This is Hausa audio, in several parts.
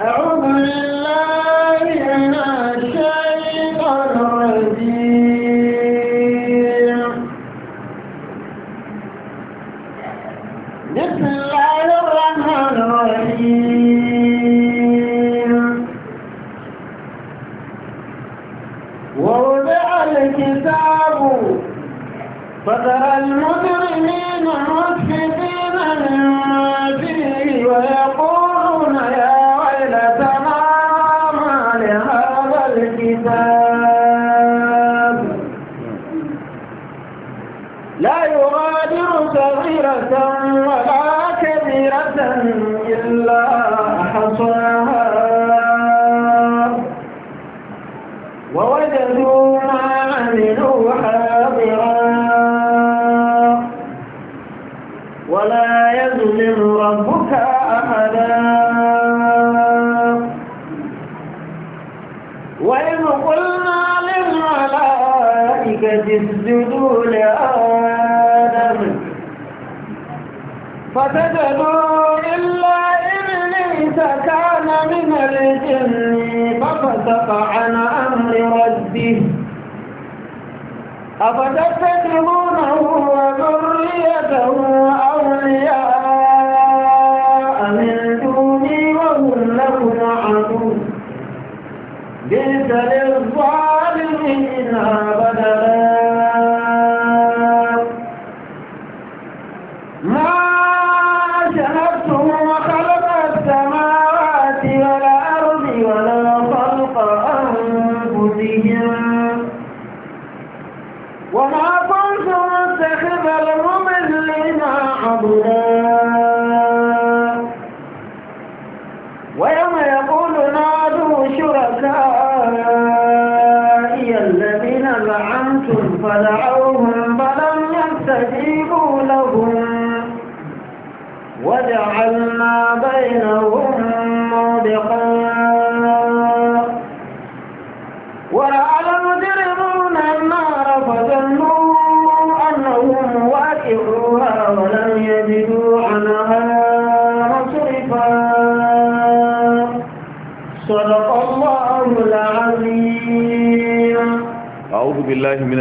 أعوذ بالله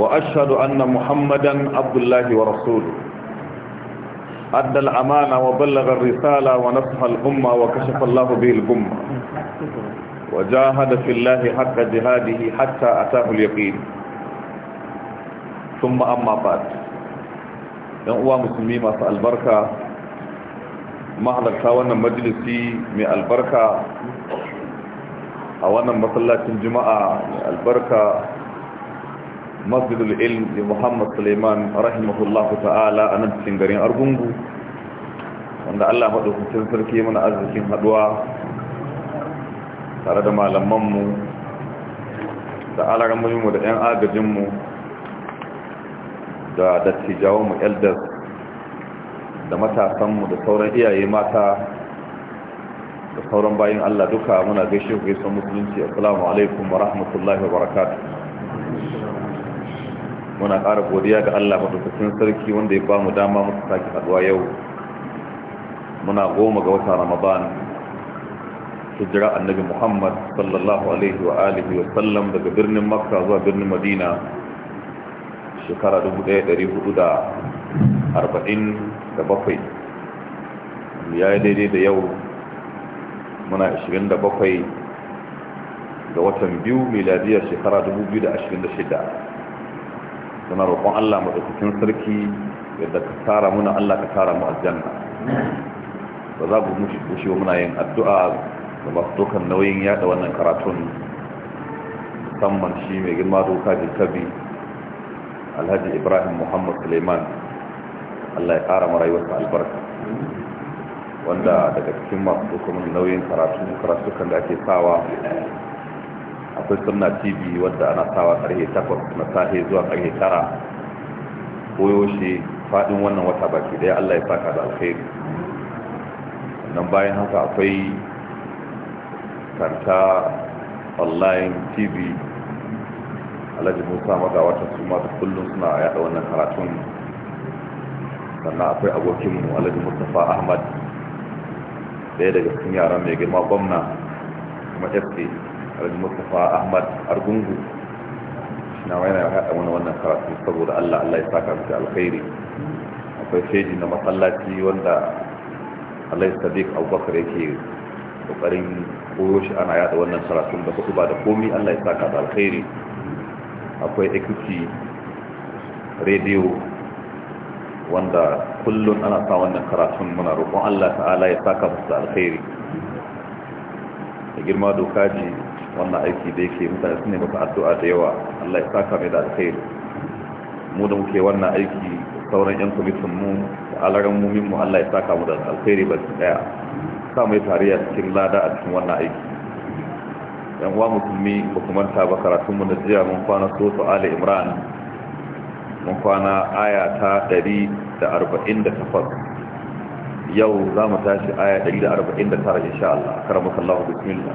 وأشهد أن محمدا عبد الله ورسوله أدى الأمانة وبلغ الرسالة ونصح الأمة وكشف الله به الأمة وجاهد في الله حق جهاده حتى أتاه اليقين ثم أما بعد ينقوى مسلمين في البركة mahalarta wannan majalisi mai albarka a wannan masallacin juma'a mai albarka masjidul ilm da muhammad suleiman rahimahullahu ta'ala a nan cikin garin argungu wanda allah maɗaukacin sarki mana arzikin haɗuwa tare da malamanmu da alaramunmu da 'yan agajinmu da dattijawanmu elders da matasanmu da sauran iyaye mata da sauran bayan allah duka muna gaishe ku gaisa musulunci assalamu alaikum wa rahmatullahi wa barakatuh muna ƙara godiya ga Allah madaukakin sarki wanda ya ba mu dama muka sake haɗuwa yau muna goma ga wata Ramadan hijira annabi Muhammad sallallahu alaihi wa alihi wa sallam daga birnin Makka zuwa birnin Madina shekara 1447 ya yi daidai da yau muna 27 ga watan biyu miladiyar shekara 2026 suna roƙon Allah maɗaukakin sarki yadda ka tara muna Allah ka tara mu aljanna ba za ku mushi wa muna yin addu'a da masu dokan nauyin yada wannan karatun musamman shi mai girma doka jikabi alhaji ibrahim muhammad suleiman Allah ya ƙara marayuwarsa albarka wanda daga cikin masu dokan nauyin karatu karatun da ake sawa akwai sunna tv wadda ana sawa karhe 8 na sahe zuwa karhe tara. koyo shi fadin wannan wata baki daya Allah ya saka da alkhairi nan bayan haka akwai karta online tv alhaji musa maga wata su ma kullum suna yada wannan karatun sannan akwai abokinmu alhaji mustapha ahmad daya daga cikin yaran mai girma gwamna kuma fa alhaji mustapha ahmad argungu na yana haɗa wani wannan karatu saboda allah allah ya saka mutu alkhairi akwai sheji na masallaci wanda alhaji sadiq abubakar yake kokarin koyo shi ana yada wannan karatun da kuɗu ba da komi allah ya saka da alkhairi akwai equity radio wanda kullum ana sa wannan karatun muna roƙon Allah ta'ala ya saka musu alkhairi A girma doka ji wannan aiki da yake mutane su ne maka addu'a da yawa Allah ya saka mai da alkhairi mu da muke wannan aiki sauran yan kwamitin mu da alaran mumin mu Allah ya saka mu da alkhairi ba su daya sa mai tarayya cikin lada a cikin wannan aiki yan uwa musulmi ba ku manta ba karatun mu na jiya mun kwana so su ali imran mun kwana aya ta da da arba'in takwas, yau za mu tashi aya da da arba'in tara insha Allah karamu sallahu bismillah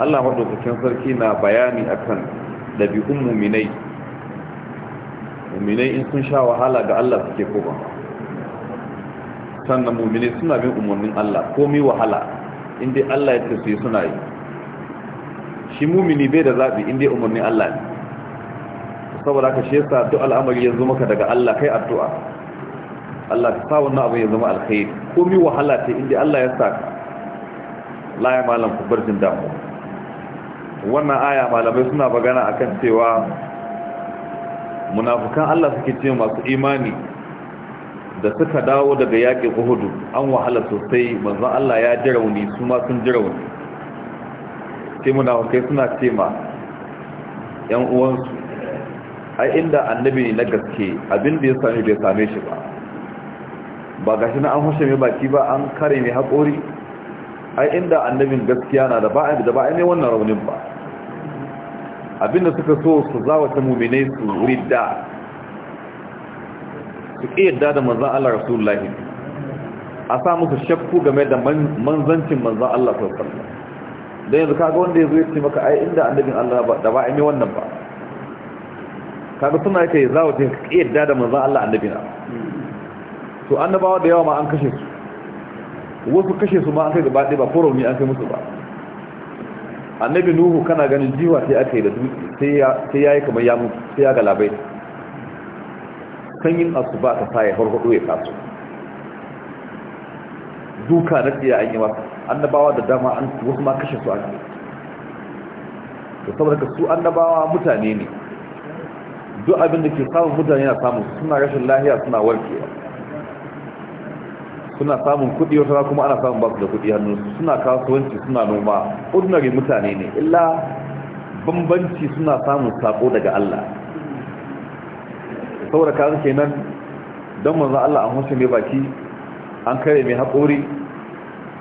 Allah maɗaukakin sarki na bayani akan ɗabi'un muminai muminai in sun sha wahala ga Allah suke ba sannan muminai suna bin umarnin Allah komi wahala inda Allah ya tafi suna yi shi mumini bai da zaɓi inda umarnin Allah ne saboda haka shi yasa duk al'amari yanzu maka daga Allah kai addu'a Allah ka sa wannan abin ya zama alkhairi komi wahala ta inda Allah ya sa la ya malam ku bar jin damuwa wannan aya malamai suna bagana akan cewa munafukan Allah suke ce masu imani da suka dawo daga yaƙi Uhud an wahala sosai manzon Allah ya ji rauni su ma sun ji rauni sai munafukai suna ce ma ƴan uwansu ai inda annabi na gaske abin da ya same bai same shi ba ba ga shi na an hushe mai baki ba an kare mai haƙori ai inda annabin gaskiya na da ba da ba wannan raunin ba abinda suka so su zawata muminai su ridda su ƙiyadda da manzan Allah Rasulullahi a sa musu shakku game da manzancin manzan Allah Rasulullahi don yanzu kaga wanda ya zo ya ce maka ai inda annabin Allah da ba a yi wannan ba kaga suna yake zawata su ƙiyadda da manzan Allah annabina to annabawa da yawa ma an kashe su wasu kashe su ma an kai gaba ɗaya ba ko rauni an kai musu ba annabi nuhu kana ganin jiwa sai aka yi da sai ya yi kamar ya mutu sai ya galabai sanyin asuba ta sa ya farfado ya kasu duka na tsaye an yi wa annabawa da dama an wasu ma kashe su a yi da saboda ka su annabawa mutane ne duk abin da ke samun mutane na samun suna rashin lahiya suna warkewa suna samun kuɗi wata kuma ana samun ba su da kuɗi hannu suna kasuwanci suna noma ordinary mutane ne illa bambanci suna samun sako daga Allah saboda kan kenan don manzo Allah an hushe mai baki an kare mai haƙori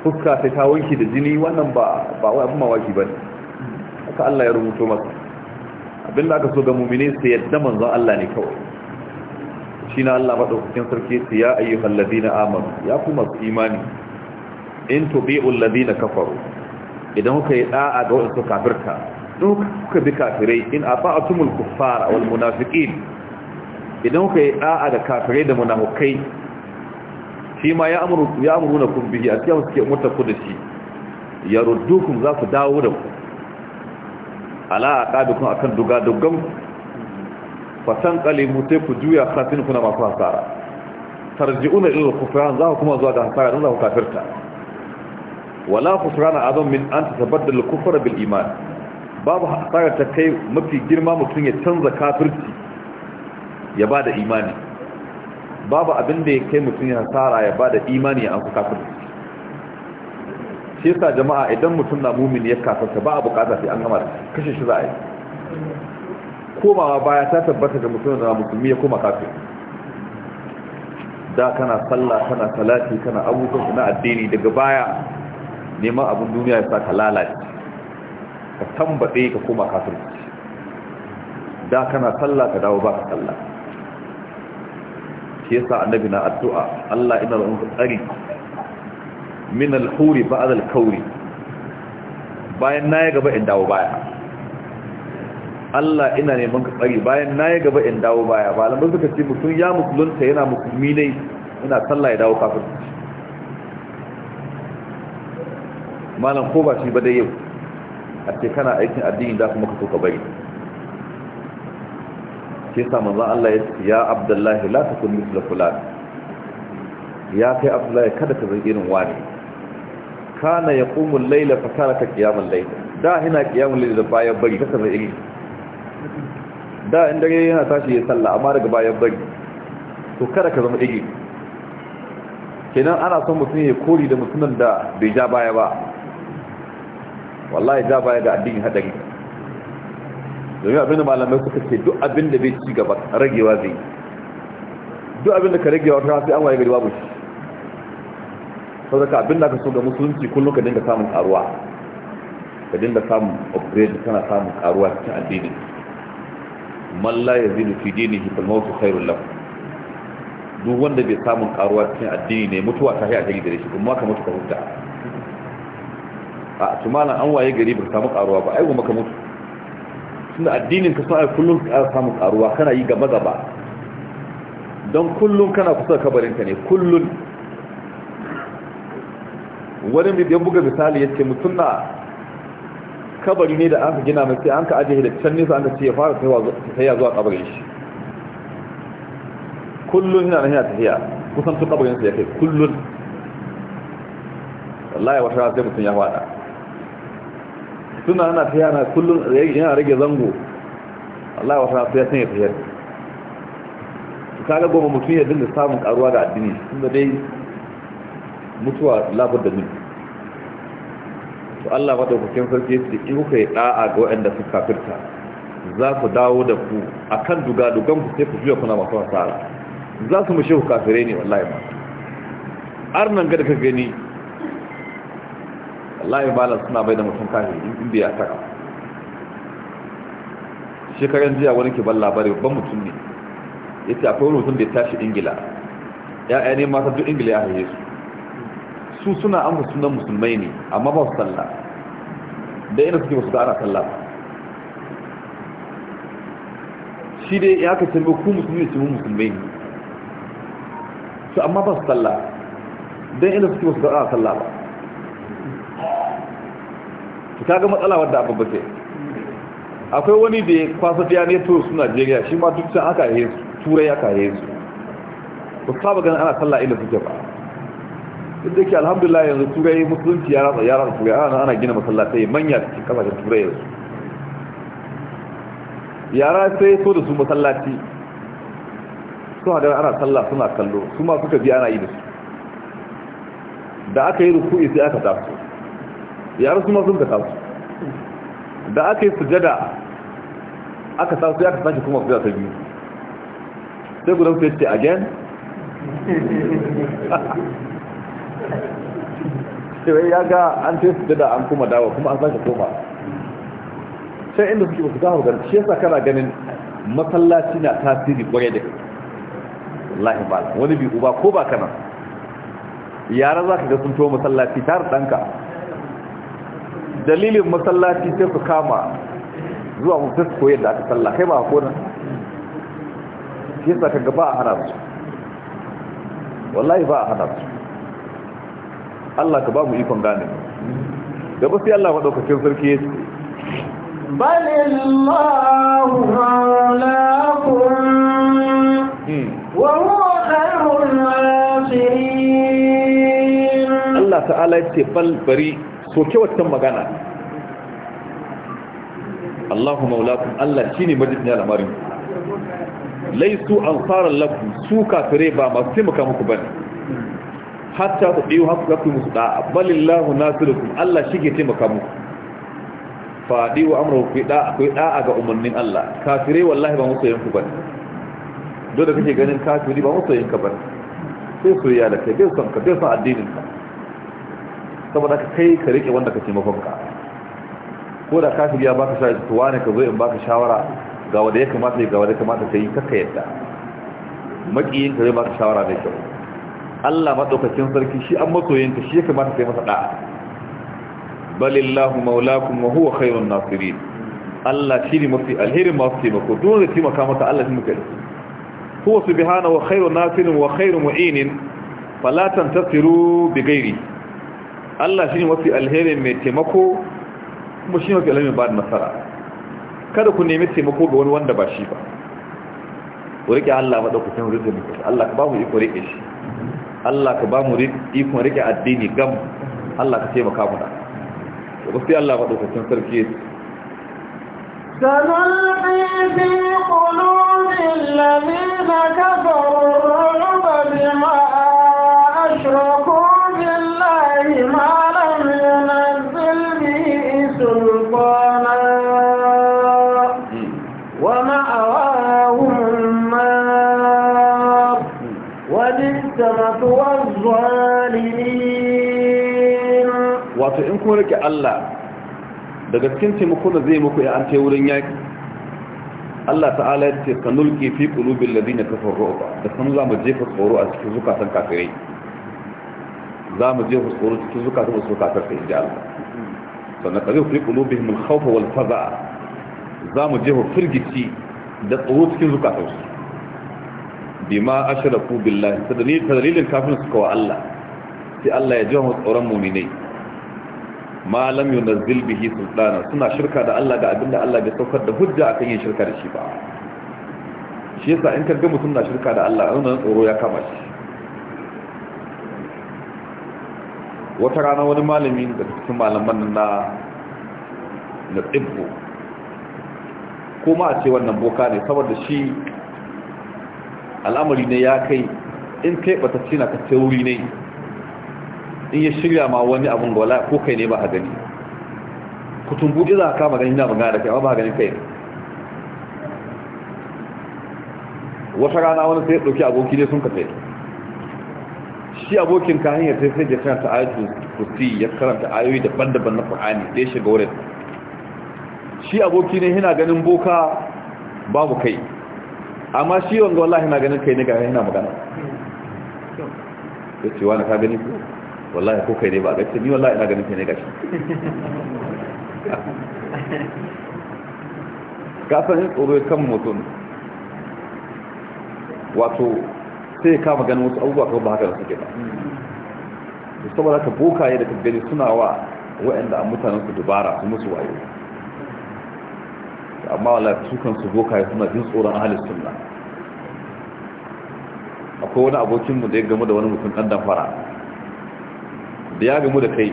fuska sai ta wanki da jini wannan ba ba wai abin mawaki bane haka Allah ya rubuto masa abinda aka so ga mu'mini sai yadda manzo Allah ne kawai shi na Allah maɗaukakin sarki su ya ayyukan ladina amanu ya fi masu imani in tubi'ul ladina kafaru idan kuka yi ɗa'a ga waɗansu kafirka in kuka bi kafirai in a fa'atumul kuffara wal munafiqin idan kuka yi ɗa'a da kafirai da munafukai shi ma ya amuru na kun bihi a cikin suke umarta ku da shi ya rudukun za su dawo da ku ala a ƙadukun akan duga dugadugan fatan kalimu sai ku juya satin kuna masu hasara tarji'una ilal kufran za ku kuma zuwa ga hasara don za ku kafirta wala kufrana azam min an tabaddala kufr bil iman babu hasara ta kai mafi girma mutum ya canza kafirci ya bada imani babu abin da ya kai mutum ya hasara ya bada imani ya amsa kafirci shi yasa jama'a idan mutum na mumin ya kafirta ba a bukata sai an gama kashe shi za a yi komawa baya ta tabbata da mutum da musulmi ya koma kafin da kana sallah kana salati kana abubuwan na addini daga baya neman abin duniya ya sa ka lalace ka tambaɗe ka koma kafin. da kana sallah ka dawo ba ka sallah shi sa annabi na addu'a Allah ina da unku tsari min al-huri ba'd al bayan na ya gaba in dawo baya Allah ina neman ka tsari bayan na yi gaba in dawo baya ba lambar suka ce mutum ya musulunta yana musulmi ne ina sallah ya dawo kafin malam ko ba shi ba da yau a ce kana aikin addini za kuma ka so ka bari ke sa manzan Allah ya ya abdullahi la ta kun misla fulan ya kai abdullahi kada ka zai irin wani kana ya kumun laila fasara ka kiyamun laila da hina kiyamun laila da bayan bari kasa ka zai irin da in dare yana tashi ya sallah amma daga bayan bagi to kada ka zama ɗage kenan ana son mutum ya kori da mutumin da bai ja baya ba wallahi ja baya ga addini haɗari. domin abinda malamai suka ce duk abinda bai ci gaba ragewa zai duk abinda ka ragewa ta hafi an waye gari babu shi sau daga abinda ka so ga musulunci kullum ka dinga samun karuwa ka dinga samun upgrade kana samun karuwa cikin addini man la yazinu fi dinihi fal mautu khairul lahu duk wanda bai samun karuwa cikin addini ne mutuwa ta haya ta da shi kuma ka mutu ka huta a tumalan an waye gari ba samu karuwa ba ai kuma ka mutu tunda addinin ka sai kullun ka samu karuwa kana yi gaba gaba don kullun kana kusa kabarin ka ne kullun wani mai buga misali yace mutum na kabari ne da an ka gina mai sai an ka ajiye da can nesa an ka ce ya fara tafiya zuwa kabarin shi kullum yana nan yana tafiya kusan su kabarin sa ya kai kullum wallahi wata rana sai mutum ya fada suna ana tafiya na kullum yana rage zango wallahi wata rana sai ya sanya tafiyar kaga goma mutum ya dinga samun karuwa da addini tunda dai mutuwa labar da mutum to Allah madaukakin sarki yake in kuka yi da'a ga waɗanda suka kafirta za ku dawo da ku akan duga dugan ku sai ku juya kuna masu hasara za su mushe ku kafirai ne wallahi ma arnan ga da ka gani wallahi ba suna bai da mutum kafin in biya ta shekaran jiya wani ke ban labari babban mutum ne yace akwai wani mutum da ya tashi ingila ya'ya ne mata duk ingila ya haye su su suna an musulman musulmai ne amma ba su sallah da ina suke wasu da ana ba, shi dai ya ka tambaye ku musulmi su mun musulmai ne su amma ba su sallah don ina suke wasu da ana sallah ba su kaga matsala wadda abu ba ce akwai wani da ya kwasa biya ne to su najeriya shi ma duk sun aka yi turai aka yi su ba su saba ganin ana sallah inda suke ba duk da ke alhamdulillah yanzu turai musulunci ya ratsa yaran turai ana ana gina masallatai manya cikin kasashen turai yanzu yara sai so da su masallaci su hadar ana sallah suna kallo su ma suka biya ana yi da su da aka yi ruku'i sai aka tafi yara su ma sun ka tafi da aka yi sujada aka taso sai aka sake kuma sujada ta biyu sai gudan sai ce again sai ya ga an ce su da an kuma dawo kuma an sake koma sai inda suke ba su kawo ganin shi yasa kana ganin masallaci na tasiri kwarai da wallahi ba wani bi uba ko ba kana yara za ka ga sun to masallaci tare ɗanka dalilin masallaci sai su kama zuwa mutum su koyar da aka sallah kai ba a konan shi yasa ka gaba a hana su wallahi ba a hana su Allah ka ba mu ikon gane gaba sai Allah maɗaukacin sarki ya ce Allah ta'ala ya ce balbari so kyawattun magana Allahu maulakun Allah shi ne majid ne laisu an fara lafi su kafire ba masu taimaka muku ba bane hatta ku biyu haku kafi musu da'a balillahu nasirukum Allah shi ke taimaka muku faɗi wa amurka ku yi ku da ga umarnin Allah kafirai wallahi ba musu yanku ba dole da kake ganin kafiri ba musu yanka ba sai su ya da kai bai san ka bai san addinin ka saboda ka kai ka rike wanda ka mafan ka ko da kafiri ya baka shawara tuwa ne ka zo in baka shawara ga wanda ya kamata ga wanda ya kamata ka yi yadda makiyin ka zai baka shawara mai kyau Allah madaukakin sarki shi an masoyinta shi ya kamata sai masa da'a balillahu maulakum wa huwa khairun nasirin Allah shi ne mafi alherin masu taimako duk wanda taimaka masa Allah shi muka huwa subhanahu wa khairun nasirin wa khairun mu'inin ta tantasiru bi ghairi Allah shi ne mafi alherin mai taimako kuma shi ne mafi alherin ba da nasara kada ku nemi taimako ga wani wanda ba shi ba ku riƙe Allah maɗaukacin rizin Allah ka ba mu iko riƙe shi Allah ka ba mu ikon rike addini gam Allah ka ce maka mu da gaskiya Allah ba dokokin sarki ya ce zanar bibi kulunin lalina ka zaura rubar a ashirar ko rike Allah daga cikin taimako da zai muku ya an tai wurin yaki Allah ta'ala ya ce ka sanulqi fi qulubil ladina kafaru ru'ba da san za mu jefa tsoro a cikin zukatan kafirai za mu jefa tsoro cikin zukatan su kafirai da Allah sannan kare fi qulubihim al-khawf wal faza za mu jefa firgici da tsoro cikin zukatan su bima ashraku billahi tadalilin kafin suka wa Allah sai Allah ya jefa tsoron mu'minai ma lam yunzil bihi sultana suna shirka da Allah ga abinda Allah bai saukar da hujja akan yin shirka da shi ba shi yasa in kaga mutum na shirka da Allah annan tsoro ya kama shi wata rana wani malami da cikin malaman na na tibbu kuma a ce wannan boka ne saboda shi al'amari ne ya kai in kai batacci na ka wuri ne in ya shirya ma wani abin ga wala ko kai ne ba a gani kutun buɗe za ka kama gani na magana da kai ba ba gani kai wata rana wani sai ya ɗauki aboki ne sun kafe shi abokin kayan ya sai sai ya karanta ayatul kursi ya karanta ayoyi daban-daban na da ya shiga wurin shi aboki ne yana ganin boka babu kai amma shi wanga wallahi na ganin kai ne ga yana magana ce wani ka gani ko wallahi ko kai ne ba gaci ni wallahi ina ganin kai ne gashi, ka san yin tsoro kan mutum wato sai ka kama ganin wasu abubuwa kawai ba haka da suke ba saboda ka bokaye da gani suna wa waɗanda a mutanen su dubara su musu wayo amma wala su boka bokaye suna jin tsoron ahalin sunna akwai wani abokinmu da ya gamu da wani mutum ɗan damfara da ya gamu da kai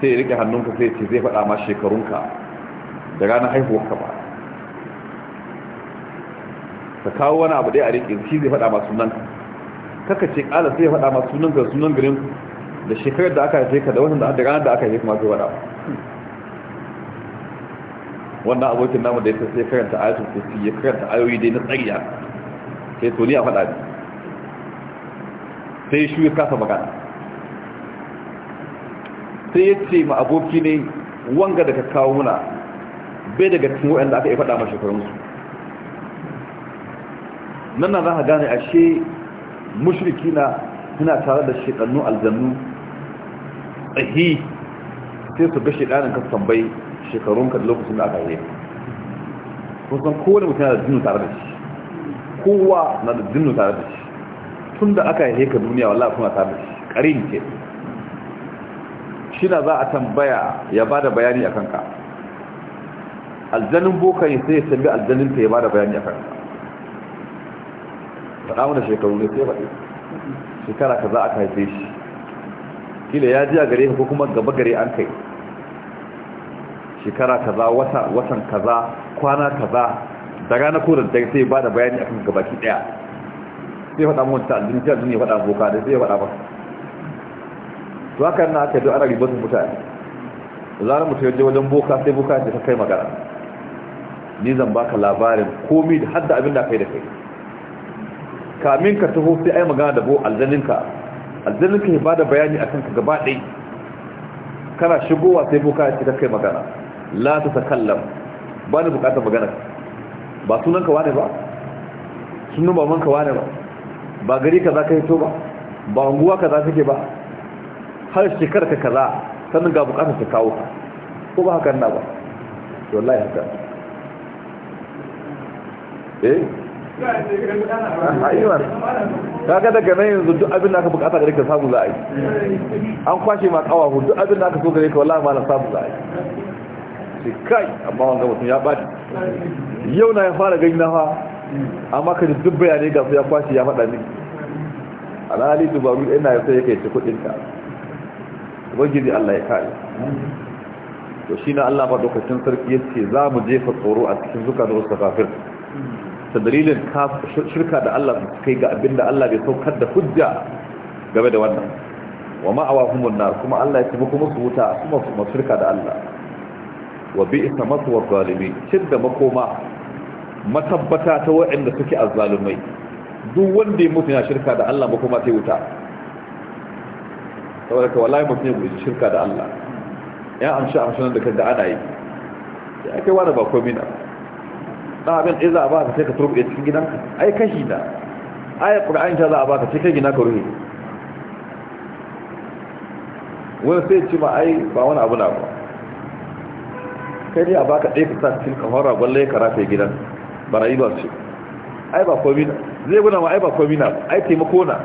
sai ya rike hannunka sai ce zai faɗa ma shekarunka da ranar haihuwarka ba ka kawo wani abu ɗaya a rike shi zai faɗa ma sunanka kaka ce ƙala sai ya faɗa ma sunanka da sunan garin da shekarar da aka haife ka da wannan da ranar da aka haife kuma zai faɗa wannan abokin namu da ya sai karanta ayatul kursi ya karanta ayoyi dai na tsariya sai to ni a faɗa ne sai ya ya kasa magana sai ya ce ma aboki ne wanga da ka kawo muna bai daga cikin waɗanda aka yi faɗa ma shekarunsu nan na za ka gane ashe mushriki na suna tare da shekannu aljannu tsahi sai su ga ɗanin ka tambayi shekarun kan lokacin da aka yi kusan kowane mutum na da jinnu tare da shi kowa na da jinnu tare da shi tun da aka yi ka duniya wallah kuma ta mace ƙarin ke shi na za a tambaya ya ba da bayani a kanka aljanin boka ne sai ya tambi aljanin ta ya ba da bayani a kanka faɗa mana shekaru ne sai faɗi shekara ka za a haife shi kila ya ji a gare ka ko kuma gaba gare an kai shekara kaza watan kaza kwana kaza da rana ko da sai ba da bayani akan gabaki daya sai faɗa mun ta aljini ta ya faɗa boka da sai ya faɗa ba to haka na aka yi ana ribar mutane zarar mutum yaje wajen boka sai boka ya kai magana ni zan baka labarin komi da hadda abin da kai da kai kamin ka taho sai ai magana da bo aljaninka aljaninka ya bada bayani akan ka gaba ɗai kana shigowa sai boka ya ce kai magana la ta takallam ba ni bukatar magana ba sunanka wane ba sunan babanka wane ba ba gari kaza ka to ba ba unguwa kaza suke ba har shekar ka kaza sannan ga bukatar ta kawo ko ba hakan na ba wallahi haka eh Ka ga daga nan yanzu duk abin da aka bukata gare ka samu za a yi an kwashe ma kawa hudu abin da aka so gare ka wallahi ma na samu za a yi kai amma wanga mutum ya bati yau na ya fara gani na fa amma ka ji dubba bayanai ga ya kwashe ya faɗa miki alhali dubaru ina ya sai ya kai ci kuɗinka ubangiji Allah ya kare to shi na Allah ba dokacin sarki ya ce za mu jefa tsoro a cikin zuka da wasu kafir ta dalilin shirka da Allah su kai ga abinda Allah bai saukar da hujja game da wannan wa ma'awa humun na kuma Allah ya taimaka musu wuta kuma su shirka da Allah wa bi isa masu wa zalimi cin da makoma matabbata ta waɗanda suke azzalumai duk wanda ya mutu na shirka da Allah ba kuma sai wuta saboda ka wallahi mutum ya guji shirka da Allah ya amshi amshin da kan da ana yi ya kai wani ba komai na dan abin da za a baka sai ka turbe cikin gidanka ai kashi da ayat qur'ani ta za a baka sai kai ka ruhi wani sai ce ma ai ba wani abu na ba kai ne a baka ɗaya ka sa cikin kamar ragon lai ka rafe gidanka barayi ba ce ai ba komi na zai guna ma ai ba komi na ai taimako na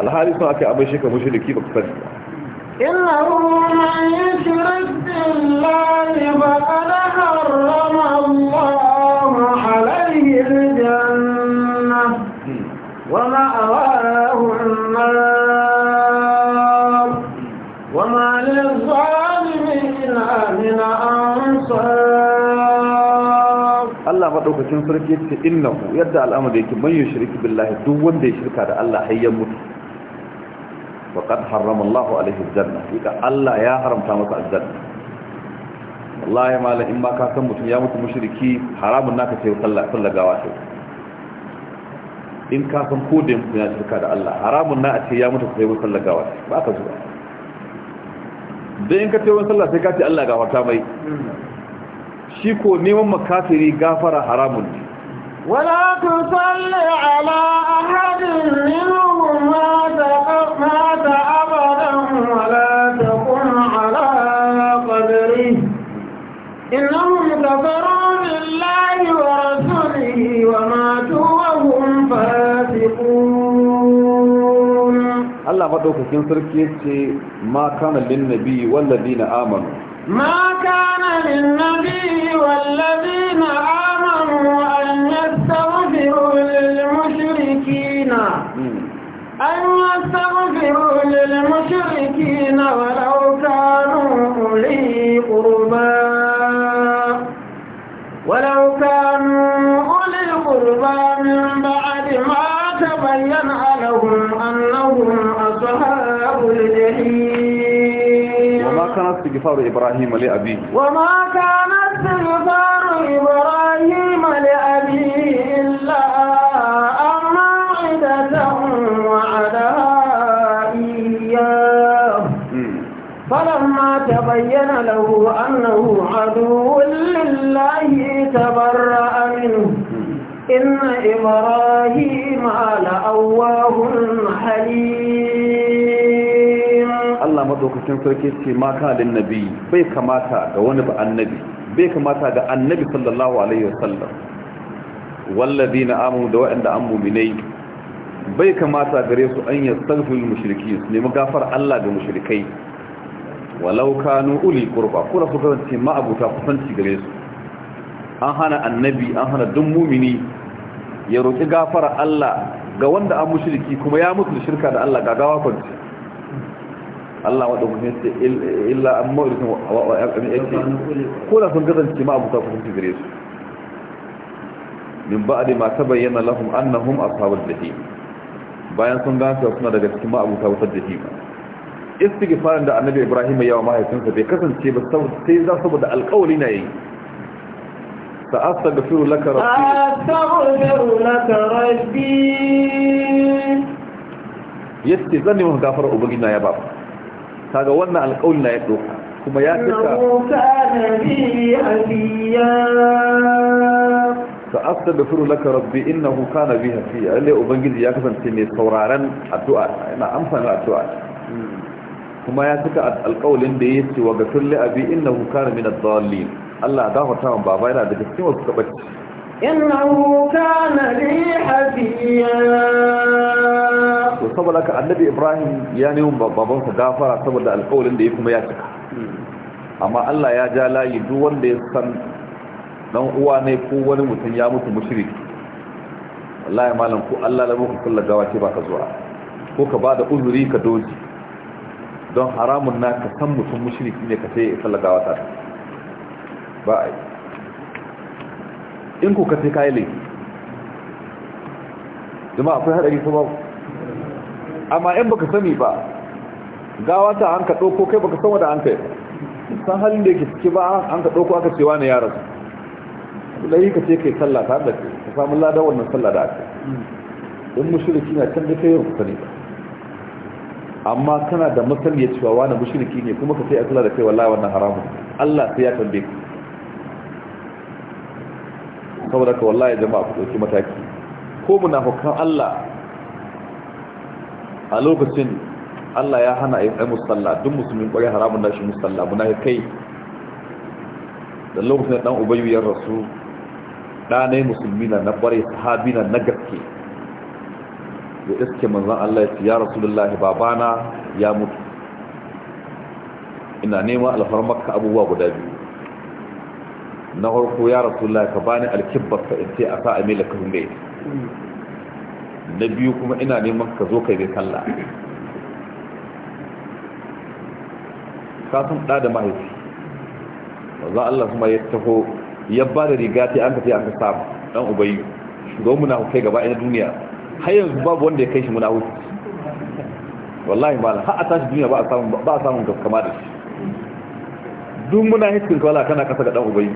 alhali sun aka yi abin shekaru shiriki ba kusan ba إنه من يشرك بالله فقد حرم madaukakin sarki inna innahu yadda al'amari yake man yushriki billahi duk wanda ya shirka da Allah har ya mutu faqad harrama Allah alaihi janna ika Allah ya haramta masa aljanna wallahi malam in ma ka san mutum ya mutu mushriki haramun naka ce sallah sallah gawa ce in ka san ko da mutum ya shirka da Allah haramun na a ce ya mutu sai sallah gawa ce ba ka zuwa dan in ka ce wani sallah sai ka ce Allah gafarta mai shi ko neman makasiri gafara haramun ne. Wala ku salli ala ahadin minhum ma ta mata abadan wala taqum ala qabri innahum kafaru billahi wa rasulihi wa matu wa hum fasiqun Allah madaukakin sarki yace ma kana lin nabi wal ladina amanu ما كان للنبي والذين آمنوا أن يستغفروا للمشركين أن يستغفروا للمشركين استغفار إبراهيم لأبيه وما كان استغفار إبراهيم لأبيه إلا أن موعدة إياه فلما تبين له أنه عدو لله تبرأ منه إن إبراهيم لأواه حليم Allah madaukakin sarki ce ma kana da nabi bai kamata ga wani ba annabi bai kamata ga annabi sallallahu alaihi wasallam walladina amu da wa'anda an mu'minai bai kamata gare su an sarfin mushriki su nemi gafar Allah ga mushrikai walau kanu uli qurba kura su kasance ma abuta kusanci gare su an hana annabi an hana duk mu'mini ya roki gafara Allah ga wanda an mushriki kuma ya mutu shirka da Allah gagawa kwanci Allah wa domin sai illa an mawrisin wa yake ko da sun kasance ma abuta kun ci gare su min ba'di ma tabayyana lahum annahum ashabul jahim bayan sun gane suna daga cikin ma abuta ba. jahim istighfarin da annabi Ibrahim yawa wa mahaifinsa bai kasance ba sai za su saboda alƙawari na yi sa'astaghfiru laka rabbi sa'astaghfiru laka rabbi yace zan nemi gafara ubangiji na ya baba kaga wannan alƙawli na ya doka kuma ya tuka ka afta da furu laka rabbi innahu kana bi hafiya lalle ubangiji ya kasance mai sauraren addu'a ina amfani addu'a kuma ya tuka alƙawlin da ya ce wa gafir li abi innahu kana min ad-dallin Allah da hota baba yana da cikin wasu kabaci innahu kana li hafiya to saboda ka annabi Ibrahim ya nemi babansa gafara saboda alƙawarin da ya kuma ya cika amma Allah ya ja layi duk wanda ya san dan uwa ne ko wani mutum ya mutu mushriki wallahi malam ko Allah la muku kullu gawa ce ka zuwa ko ka bada uzuri ka doji don haramun na ka san mutum mushriki ne ka sai sallagawa ta ba yi. in ku kace kayi laifi jama'a akwai hadari su ba amma in baka sani ba gawa ta an ka dauko kai baka sama da an kai san halin da yake suke ba an ka dauko aka cewa ne ya rasu lai ka ce kai sallah ta da ka samun ladar wannan sallah da aka in mashiriki na can da kai ku sani ba amma kana da masaniya cewa wani mashiriki ne kuma ka sai a sallah da kai wallahi wannan haramun Allah sai ya tambaye ka saboda ka wallahi jama'a ku ɗauki mataki ko munafukan Allah a lokacin Allah ya hana yin tsaye musalla duk musulmin ƙwarai haramun nashi musalla kai. da lokacin da ɗan ubayu ya rasu ɗanai musulmi na na ƙwarai sahabi na na gaske da iske manzan Allah ya ce ya rasulullahi babana ya mutu ina nema maka abubuwa guda biyu na harko ya rasulullah ka bani alkibbar ka ce a sa a mila ka na biyu kuma ina neman ka zo kai mai sallah ka sun da da mahaifi wanzan Allah kuma ya taho ya ba da riga ta an ka ce an ka samu ɗan ubayi shugaban kai gaba ina duniya har yanzu babu wanda ya kai shi muna munafuki wallahi ba na a tashi duniya ba a samun gaskama da shi duk muna hiskin kwala kana kasa ga dan ubayi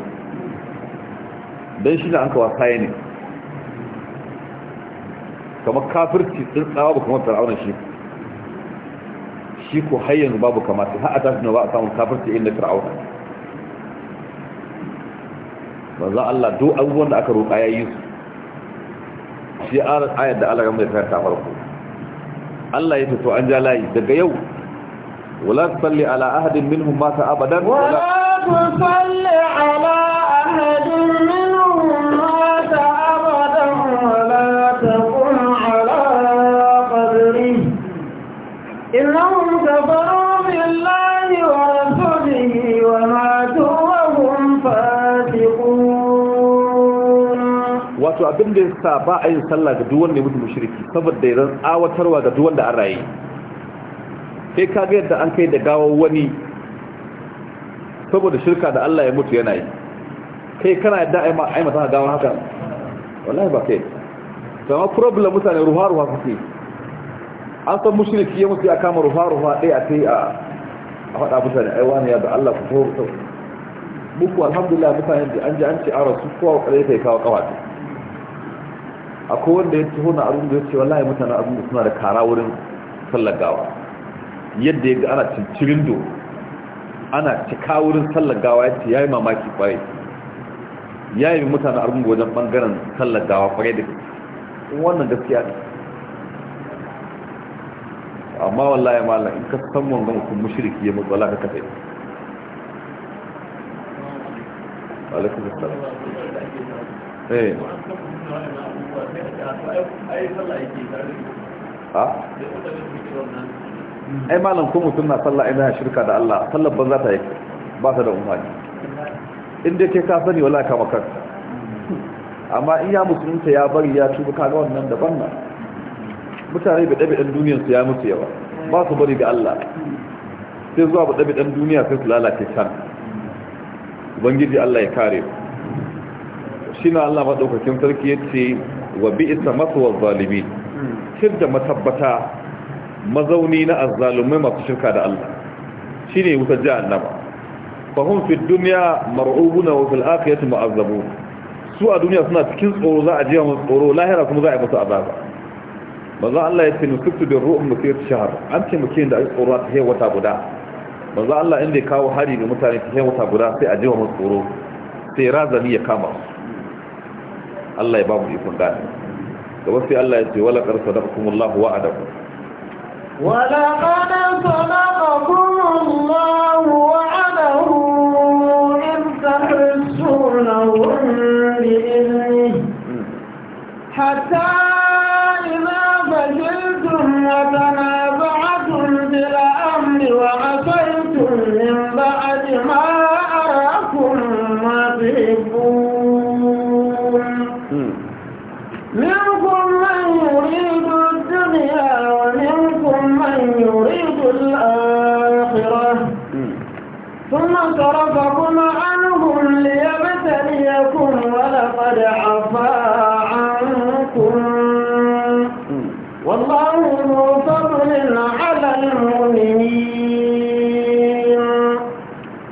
don shi na an kawo kaya ne kama kafirci tsintsawa ba kuma fir'aunar shi shi ko har yanzu babu kamata har a tashi ba a samun kafirci inda fir'auna ba za Allah do abubuwan da aka roƙa ya yi su shi ayar da Allah ya mai fayar ta farko Allah ya fito an ja layi daga yau ولا تصلي على أحد منهم مات أبدا ولا تصلي على أحد wato abin da yasa ba a yin sallah ga duk wanda ya mutu mushriki saboda yanzu awatarwa ga duk wanda an raye sai ka ga yadda an kai da gawo wani saboda shirka da Allah ya mutu yana yi kai kana yadda ai ma ai mata gawo haka wallahi ba kai kuma problem mutane ruwa-ruwa ruwa suke an san mushriki ya mutu ya kama ruwa-ruwa ruwa dai a sai a faɗa mutane ai wani ya da Allah ku so muku alhamdulillah mutane da an ji an ci arasu su kowa kare kai kawo kawata akwai wanda ya taho na abin da ya ce wallahi mutane abin da suna da kara wurin sallar gawa yadda ya ga ana cincirin do ana cika wurin sallar gawa ya ce ya yi mamaki kwarai ya yi mutane abin da wajen bangaren sallar gawa kwarai da wannan gaskiya ne amma wallahi malam in ka san wannan mutum mushriki ya mutu wallahi ka kai alaikum assalam eh ai malam ko mutum na sallah ina shirka da Allah sallar banza za ta yi ba ta da umarni in dai ka sani wala ka makar amma in ya musulunta ya bari ya tuba kaga wannan daban nan mutane dan duniyar su ya mutu yawa ba su bari ga Allah sai zuwa ba dan duniya sai su lalace can ubangiji Allah ya kare shi na Allah maɗaukakin sarki ya ce wa bi'sa maswa zalimin da matabbata mazauni na azzalumai masu shirka da Allah shine wutar jahannama fahim fi duniya mar'ubuna wa fil akhirati mu'azzabu su a duniya suna cikin tsoro za a ji mu tsoro lahira kuma za a yi musu azaba manzo Allah ya ce ni kuntu bi ru'um musir shahr an ce muke da ai tsoro ta hewa ta guda manzo Allah inda ya kawo hari ga mutane ta hewa ta guda sai a ji mu tsoro sai razani ya kama su Allah ya ba mu ikon gane gaba sai Allah ya ce wala qad sadaqakumullahu wa'adakum wala qad wa wa'adahu in tahrissunahum bi idnihi hatta idza fajiltum wa tanaza'tum bil amri wa asaytum min ba'di ma ثم صرفكم عنهم ليبتليكم ولقد عفا عنكم والله ذو فضل على المؤمنين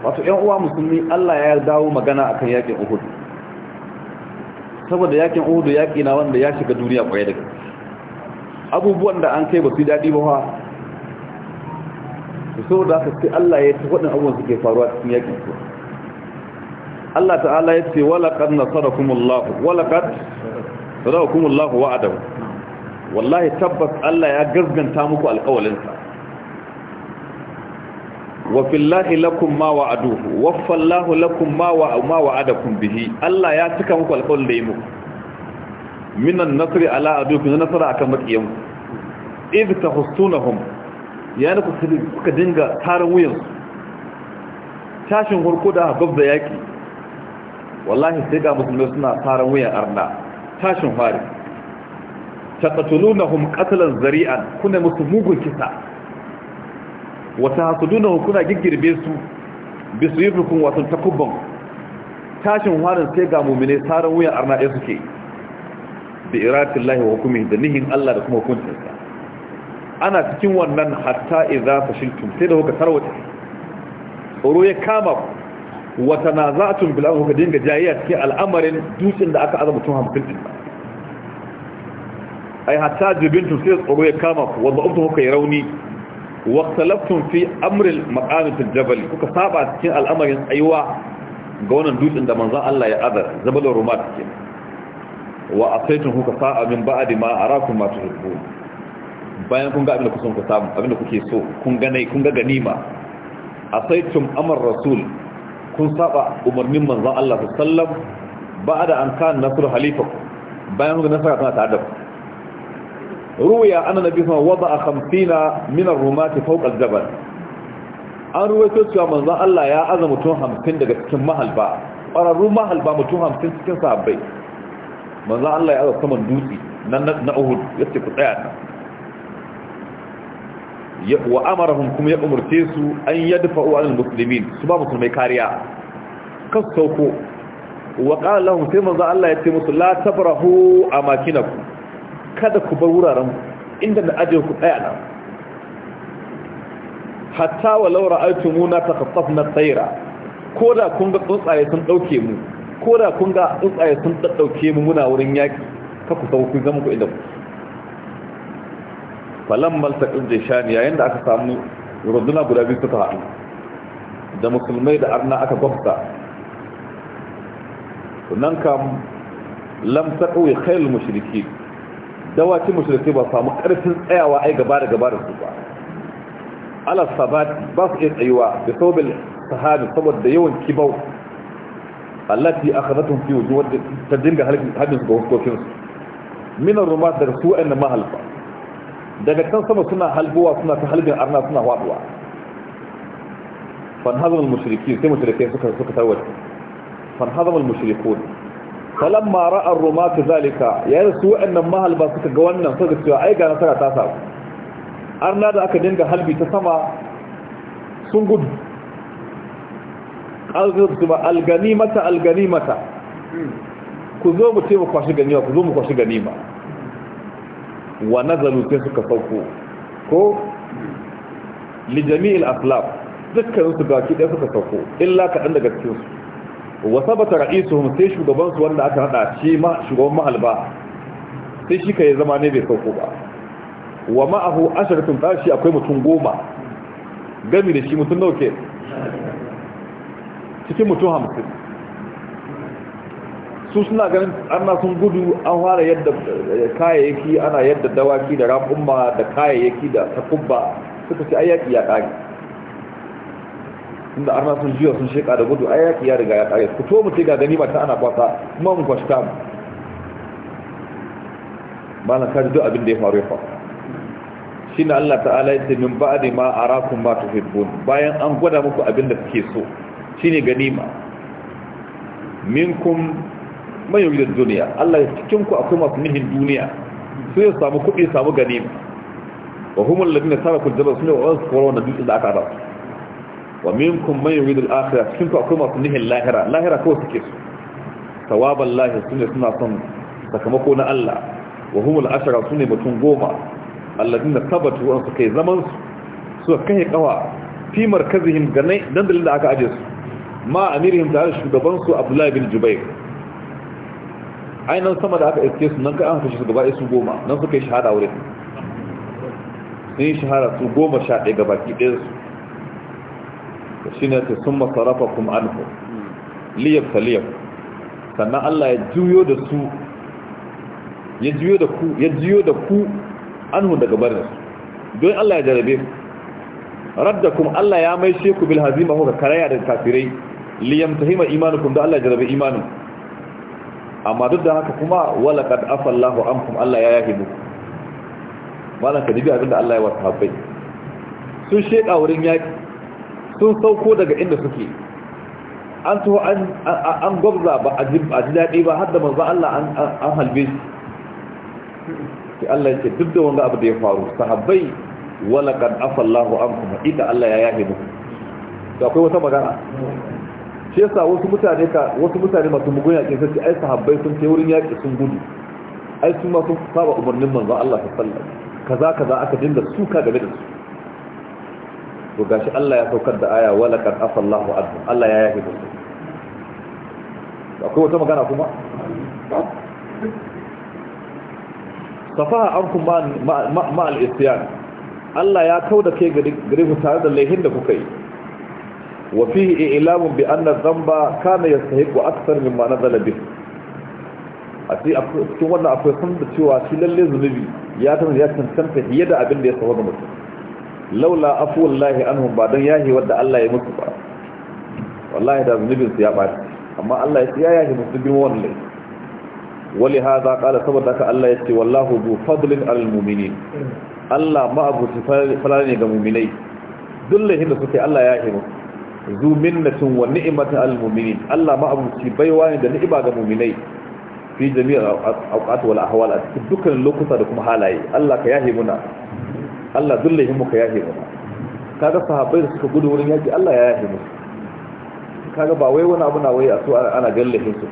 wato 'yan uwa musulmi Allah ya dawo magana akan yakin Uhud saboda yakin Uhud yaki na wanda ya shiga duniya kwaye da abubuwan da an kai ba su daɗi ba to saboda haka sai Allah ya ta waɗin abubuwan suke faruwa cikin yakin ku Allah ta'ala ya ce walaqad nasarakumullahu walaqad nasarakumullahu wa'adahu wallahi tabbas Allah ya gazganta muku alƙawalinsa wa fillahi lakum ma wa'aduhu waffa Allahu lakum ma wa'adakum bihi Allah ya cika muku alƙawarin da yi muku minan nasri ala adukum nasara akan makiyanku idh tahussunahum ya nufi suka dinga tarin wuyansu tashin harko da habab da yaƙi wallahi sai ga musulmi suna tarin wuyan arna tashin fari hun qatlan zari'an kuna musu mugun kisa wa tahsudunahu kuna giggirbe su bisu rukun wasu takubban tashin farin sai ga mummune tsarin wuyan arna ɗaya suke bi iratillahi wa hukumi, da nihin Allah da kuma hukuncinsa ana cikin wannan hatta idza fashiltum sai da kuka tarwata tsoro ya kama ku wa tanaza'tum bil amri kuka dinga jayayya cikin al'amarin dutsen da aka azama mutum hamsin din ai hatta jibintum sai tsoro ya kama ku wanda ubtu kuka yi rauni wa ikhtalaftum fi amri al maqam fil jabal kuka saba cikin al'amarin aiwa ga wannan dutsen da manzon Allah ya azar zabal rumat kenan wa asaitum kuka sa'a min ba'di ma arakum ma tuhibbun bayan kun ga abin da kuke ku samu abin da kuke so kun ga nai kun ga ganima asaitum amr rasul kun saba umarnin manzon Allah sallam ba'da an kan nasr halifa bayan kun nasara tana ta'adda. adab ruya anna nabi fa wada'a 50 min ar-rumati fawqa al-jabal an ruwaito cewa manzon Allah ya azama mutum 50 daga cikin mahalba ƙwararru mahalba mutum 50 cikin sahabbai manzan Allah ya azama saman dutse na Uhud ce ku tsaya ta. wa amarahum kuma ya umurce su an yadfa'u anil Musulmin, su ba musulmai kariya kas sauko wa qala lahum sai manzo Allah ya ce musu la tabrahu amakinakum kada ku bar wuraren inda da ajiyar ku tsaya nan hatta walau ra'aytumuna taqattafna tayra koda kun ga tsuntsaye sun dauke mu koda kun ga tsuntsaye sun daddauke mu muna wurin yaki ka ku sauko zama ku inda falan maltaƙin ya yayin da aka samu runduna guda biyu suka haɗu da musulmai da arna aka gwamta nan kam lamta ƙauye khayar mashirki dawacin mashirki ba samu ƙarfin tsayawa ai gaba da gaba da su ba ala sabati ba su iya tsayuwa da saubin sahabi saboda yawan kibau allati zaton fi wajen ta dinga hadin su ga hukokinsu Minan minar rumat da su ayyana mahalfa daga kan sama suna halbuwa suna ta halbin arna suna waduwa fan hazamul mushriki sai mushrikai suka suka tarwata fan hazamul mushrikun falamma ra'a ruma ta zalika ya yi su wa'annan mahalba suka ga wannan suka cewa ai ga nasara ta samu arna da aka dinga halbi ta sama sun gudu alga su ba alganimata alganimata ku zo mu ce mu kwashi ganima ku zo mu kwashi ganima wa nazalu sai suka sauko ko li jami'il aslab dukkan su baki ɗaya suka sauko illa kaɗan daga cikin su wa sabata ra'isuhum sai shugaban su wanda aka hada shi ma shugaban mahalba sai shi kai zama ne bai sauko ba wa ma'ahu asharatun tashi akwai mutum goma gami da shi mutum nauke cikin mutum hamsin su suna ganin ana sun gudu an fara yadda kayayyaki ana yadda dawaki da raƙumma da kayayyaki da takubba suka ce ayyaki ya ƙari inda arna sun jiwa sun sheka da gudu ayyaki ya riga ya kare ku to mutu ga gani mata ana kwasa kuma mun kwashi ta ba na kaji duk abin da ya faru ya faru shi na Allah ta'ala ya ce a ba'adi ma ba ta tuhibbun bayan an gwada muku abin da kuke so shine ganima minkum mai yuri da duniya Allah ya cikinku ku akwai masu nihin duniya sai ya samu kuɗi samu ganima wa humul ladina taraku jabal sunna wa asfara wa nabi da aka ara wa minkum man yuri da akhirah cikinku akwai masu nihin lahira lahira kawai suke su tawaban lahi sunne suna son sakamako na Allah wa humul ashara sunne mutum goma alladina tabatu wa suka yi zaman su suka kai kawa fi markazihim ganai dandalin da aka aje su ma amirihim tare shugaban su abdullahi bin jubair ainihin sama da aka iske su nan ka an kashe su gaba su goma nan suka yi shahara wurin sun yi shahara su goma sha ɗaya gaba ki ɗaya su shi ne ta sun masarafa kuma an ku liyaf ta liyaf sannan allah ya juyo da su ya juyo da ku ya juyo da ku an hun daga barin su don allah ya jarabe ku radda kuma allah ya mai sheku bil hazima kuka karaya da kafirai liyam tahima imanukum da allah ya jarabe imanukum amma duk da haka kuma wala kad afallahu ankum Allah ya yahi muku malan ka abinda Allah ya wata bai sun sheda wurin yaki sun sauko daga inda suke an to an an gwabza ba a ji daɗi ba har da manzo Allah an an halbe shi Allah yake duk da wanda abu da ya faru sahabbai wala kad afallahu ankum ita Allah ya yahi muku to akwai wata magana shi yasa wasu mutane ka wasu mutane masu mugun yaƙi sai ai sahabbai sun kai wurin yaƙi sun gudu ai sun ma sun saba umarnin manzo Allah ta sallar kaza kaza aka dinga suka game da su to gashi Allah ya saukar da aya wala kad asallahu adu Allah ya yafi musu akwai wata magana kuma safaha ankum ma ma al-isyan Allah ya kauda kai gare ku tare da laihin da kuka yi وفيه إعلام بأن الذنب كان يستحق أكثر مما نزل به أتي أتوانا أكو يصند تيوى شلال لزنبي ياتن ياتن سنت هيدا أبن دي صفر مسلم لولا أفو الله أنهم بعدين ياهي ودى الله يمسك والله دا زنبي سيابات أما الله يسيا ياهي مسلمين وان لي ولهذا قال سبتك الله يسي والله ذو فضل على المؤمنين الله ما أبو سفلاني كمؤمنين دله هنا سكي الله ياهي مسلم zu minnatin wa ni'matin al-mu'minin Allah ma abuci baiwa ne da ni'ima ga mu'minai fi jami'a awqat wal ahwal a cikin dukkan lokuta da kuma halaye Allah ka yahi muna Allah dullahi mu ka yahe muna kaga sahabbai da suka gudu wurin yaji Allah ya yahi musu kaga ba wai wani abu na wai a so ana gallahin su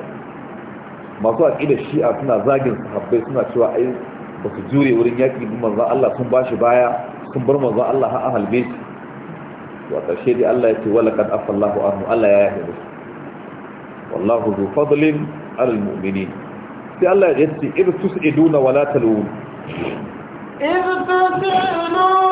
masu aqida shi'a suna zagin sahabbai suna cewa ai ba su jure wurin yaki manzo Allah sun bashi baya sun bar manzo Allah har an shi to a ƙarshe dai Allah ya ce wala kad afallahu anhu Allah ya yafe musu wallahu zu fadlin alal mu'minin sai Allah ya ce ibtusiduna wala talun ibtusiduna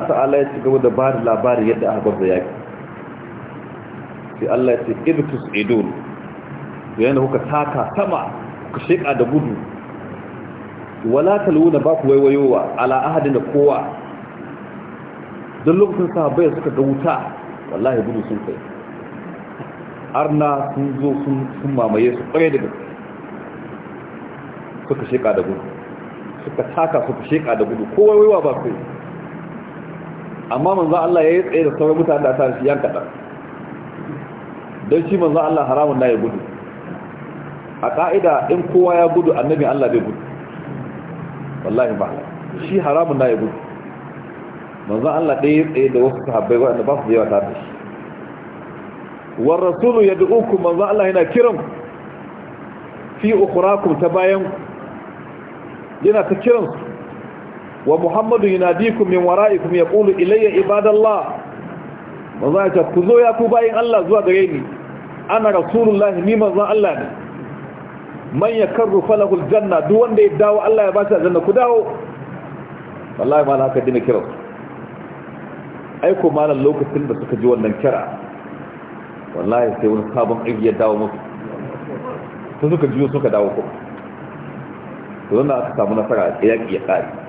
Allah ta'ala ya ci gaba da ba da labarin yadda aka da yaƙi sai Allah ya ce ibtus idun yana kuka taka sama kuka sheƙa da gudu wala taluna ba ku waiwayowa ala ahadin da kowa don lokacin sahabbai suka ga wuta wallahi gudu sun kai arna sun zo sun mamaye su da gudu. suka sheƙa da gudu suka taka suka sheƙa da gudu kowa waiwa ba kai amma manzo Allah ya yi tsaye da sauran mutane da tare yan kadan dan shi manzo Allah haramun na ya gudu a ka'ida in kowa ya gudu annabi Allah bai gudu wallahi ba shi haramun na ya gudu manzo Allah dai ya tsaye da wasu sahabbai wanda ba su yawa wata da shi war rasulu yad'ukum manzo Allah yana kiran fi ukhrakum ta bayan yana ta kiransu wa muhammadu yunadikum min wara'ikum yaqulu ilayya ibadallah manzo ta ku zo ya ku bayin Allah zuwa gare ni ana rasulullah ni manzo Allah ne man yakarru falahu aljanna duk wanda ya dawo Allah ya ba shi aljanna ku dawo wallahi ma haka dina kira ai ko malan lokacin da suka ji wannan kira wallahi sai wani sabon aiki ya dawo musu su suka jiyo suka dawo ko. to na aka samu nasara a yaƙi ya ƙari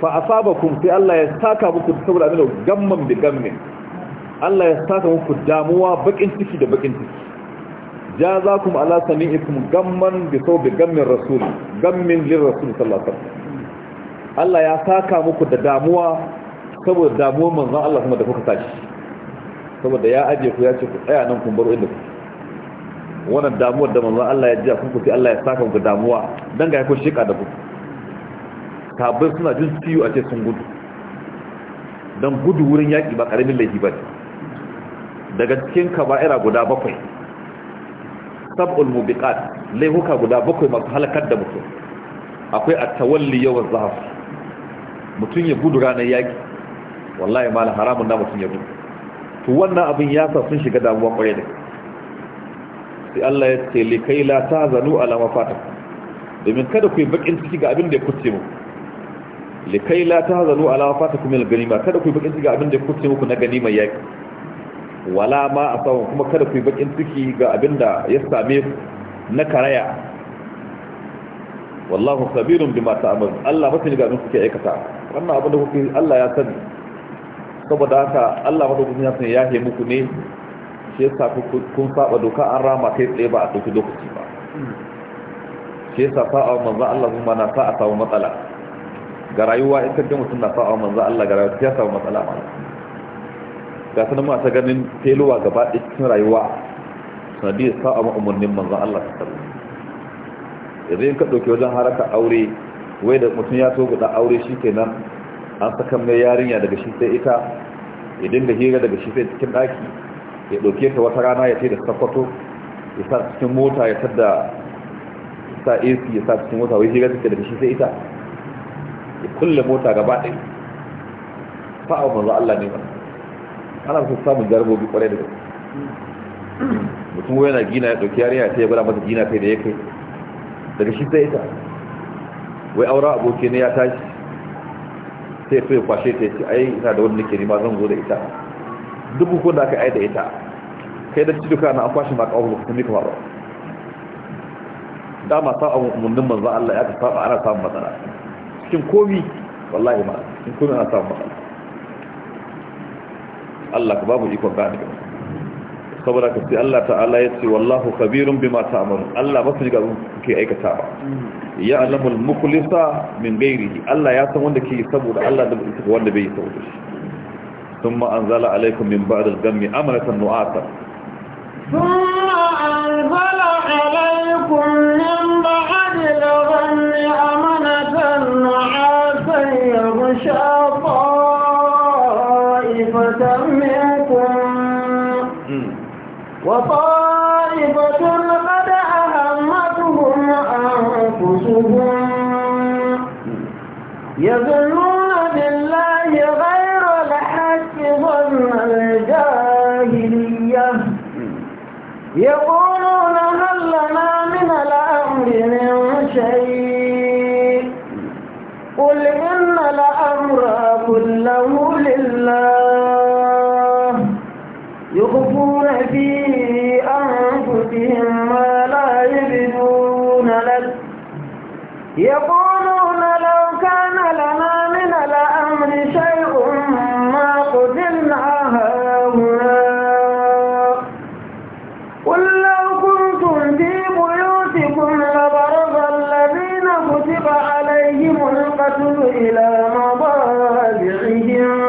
fa asabakum sai Allah ya saka muku saboda amina gamman bi gamme Allah ya saka muku damuwa bakin ciki da bakin ciki jazakum ala sami'ikum gamman bi bi gammin rasul gammin lir rasul sallallahu alaihi wasallam Allah ya saka muku da damuwa saboda damuwar manzon Allah kuma da kuka tashi saboda ya aje ku ya ce ku tsaya nan kun baro inda ku wannan damuwar da manzon Allah ya ji a ku sai Allah ya saka muku damuwa dan ga ku shika da ku sahabbai suna jin ciwo a ce sun gudu don gudu wurin yaƙi ba ƙaramin laifi ba daga cikin kaba'ira guda bakwai sab'ul mubiƙat laifuka guda bakwai masu halakar da mutum akwai a tawalli yawan zahar mutum ya gudu ranar yaƙi wallahi ma haramun na mutum ya gudu to wannan abin ya sa sun shiga damuwa ƙwarai da sai Allah ya ce likai la zanu alama fata. domin kada ku yi bakin ciki ga abin da ya kuce mu. likai la ta hazanu ala fatakum al ma kada ku yi bakin ga abin da kuke muku na ganima yaki wala ma asawun kuma kada ku yi bakin ciki ga abin da ya same ku na karaya wallahu sabirun bima ta'mal Allah mutum ga abin kuke aikata wannan abin da kuke Allah ya sani saboda haka Allah madaukakin ya sani ya he muku ne shi yasa kun saba doka an rama kai tsaye ba a dauki lokaci ba shi yasa fa'a manzo Allah kuma na sa'a samu matsala ga rayuwa in kaga mutum na sa'awa manzo Allah ga rayuwa ya samu matsala ma ga sanan ma ta ganin feluwa gaba ɗaya cikin rayuwa sanadiyar sa'a ma umarnin manzo Allah ta sallu yanzu in ka ɗauki wajen haraka aure wai da mutum ya so guda aure shi kenan an saka mai yarinya daga shi sai ita ya dinga hira daga shi sai cikin ɗaki ya ɗauke ta wata rana ya ce da sakwato ya sa cikin mota ya tadda sa ac ya sa cikin mota wai hira take daga shi sai ita ya kulle mota gaba ɗaya fa'a manzo Allah ne ba ana so samun jarabobi kwarai da gaske mutum yana gina ya ɗauki yarinya sai ya gwada masa gina kai da ya kai daga shi sai ita wai aura aboki ne ya tashi sai to ya kwashe ta ce ai ina da wani nake nima zan zo da ita duk ko da aka ai da ita kai da ci duka na an kwashe maka aure kuma kuma ba dama sa'a mun manzo Allah ya ka saba ana samun matsala cikin komi wallahi ma cikin komi ana samun matsala Allah ka babu ikon gane saboda ka sai Allah ta'ala ya ce wallahu khabirun bima ta'malun Allah ba su ga kuke aikata ba ya alamul mukhlisa min ghairihi Allah ya san wanda ke saboda Allah da wanda bai saboda shi thumma anzala alaykum min ba'd al-gammi amratan nu'atan thumma anzala alaykum min ba'd al-ghammi amratan شاء طائفة منكم وطائفة قد أهمتهم أنفسهم يظنون بالله غير الحق ظن الجاهلية يقول يقولون لو كان لنا من الأمر شيء ما قتلنا هؤلاء قل لو كنتم في بيوتكم لبرز الذين كتب عليهم القتل إلى مضاجعهم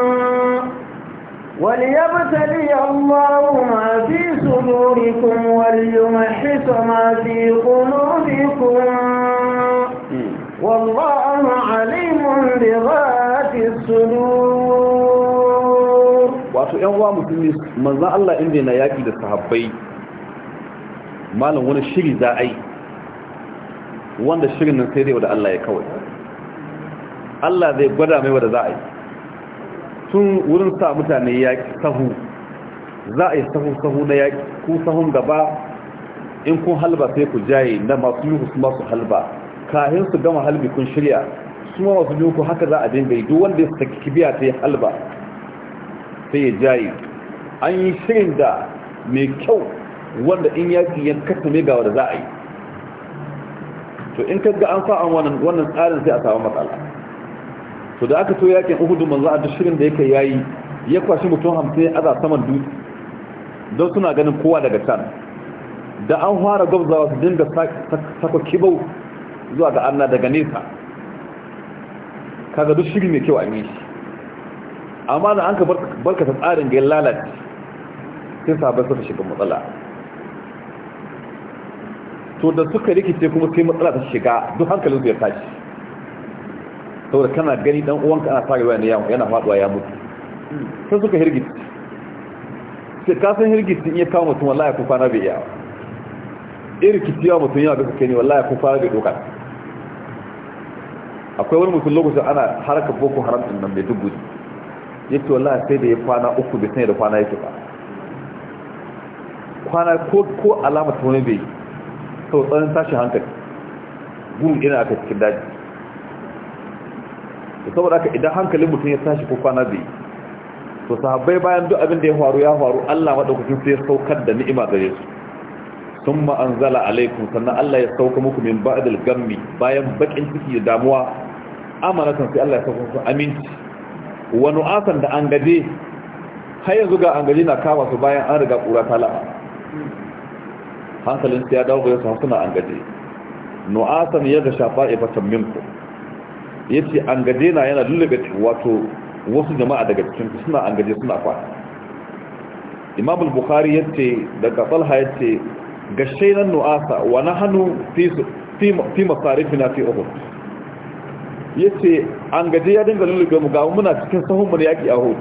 وليبتلي الله ما في صدوركم وليمحص ما في قلوبكم mutum musulmi manzan Allah inda yana yaƙi da sahabbai malam wani shiri za a yi wanda shirin nan sai dai wa da Allah ya kawai Allah zai gwada mai wada za a yi tun wurin sa mutane yaƙi sahu za a yi sahu-sahu na yaƙi ku sahun gaba in kun halba sai ku jaye na masu yi su masu halba kahin su gama halbi kun shirya su ma masu yi ku haka za a dinga yi duk wanda ya saki kibiya ta yi halba sai ya jaye an yi shirin da mai kyau wanda in yaƙi ya kasa mai gawar da za a yi to in kaga an sa an wannan tsarin sai a samu matsala to da aka to yakin uhudu manzo a duk shirin da yake yayi ya kwashi mutum hamsin ya aza saman dutse don suna ganin kowa daga can da an fara gwabzawa su dinga sako kibau zuwa ga Allah daga nesa kaga duk shirin mai kyau a yi shi amma da an ka barkata tsarin ga lalata sai sabon suka shiga matsala to da suka rikice kuma sai matsala ta shiga duk hankalin ya tashi da kana gani dan uwanka ana farewa ne yana faduwa ya mutu sai suka hirgiti sai kasan hirgiti hirgita in ya kawo mutum wallahi kufa na bai yawa irin kitiya mutum yana duka kai wala ya ku fara bai doka akwai wani mutum lokacin ana harkar boko haramtun nan mai dubu yake wallah sai da ya kwana uku bai sanya da kwana yake ba kwana ko ko alama ta wani bai sau tsarin tashi hankali gudun ina aka cikin daji da saboda aka idan hankalin mutum ya tashi ko kwana bai to sahabbai bayan duk abin da ya faru ya faru Allah madaukakin sai ya saukar da ni'ima gare su sun anzala alaikum sannan Allah ya sauka muku min ba'dal gammi bayan bakin ciki da damuwa amanatan sai Allah ya sauka muku aminci wa nu'asan da an gaje har yanzu ga an gaje na kama su bayan an riga kura ta la'a hankalin ya dawo ga yasa suna an gaje nu'asan ya ga shafa ya fatan minku ya ce an gaje na yana lullube wato wasu jama'a daga cikin suna an gaje suna fa imam al-bukhari ya ce daga falha ya ce nan nu'asa wa hannu fi masarifi na fi ohun ya ce an gaje ya dinga lullube mu ga muna cikin sahun mu yaki yaƙi a hudu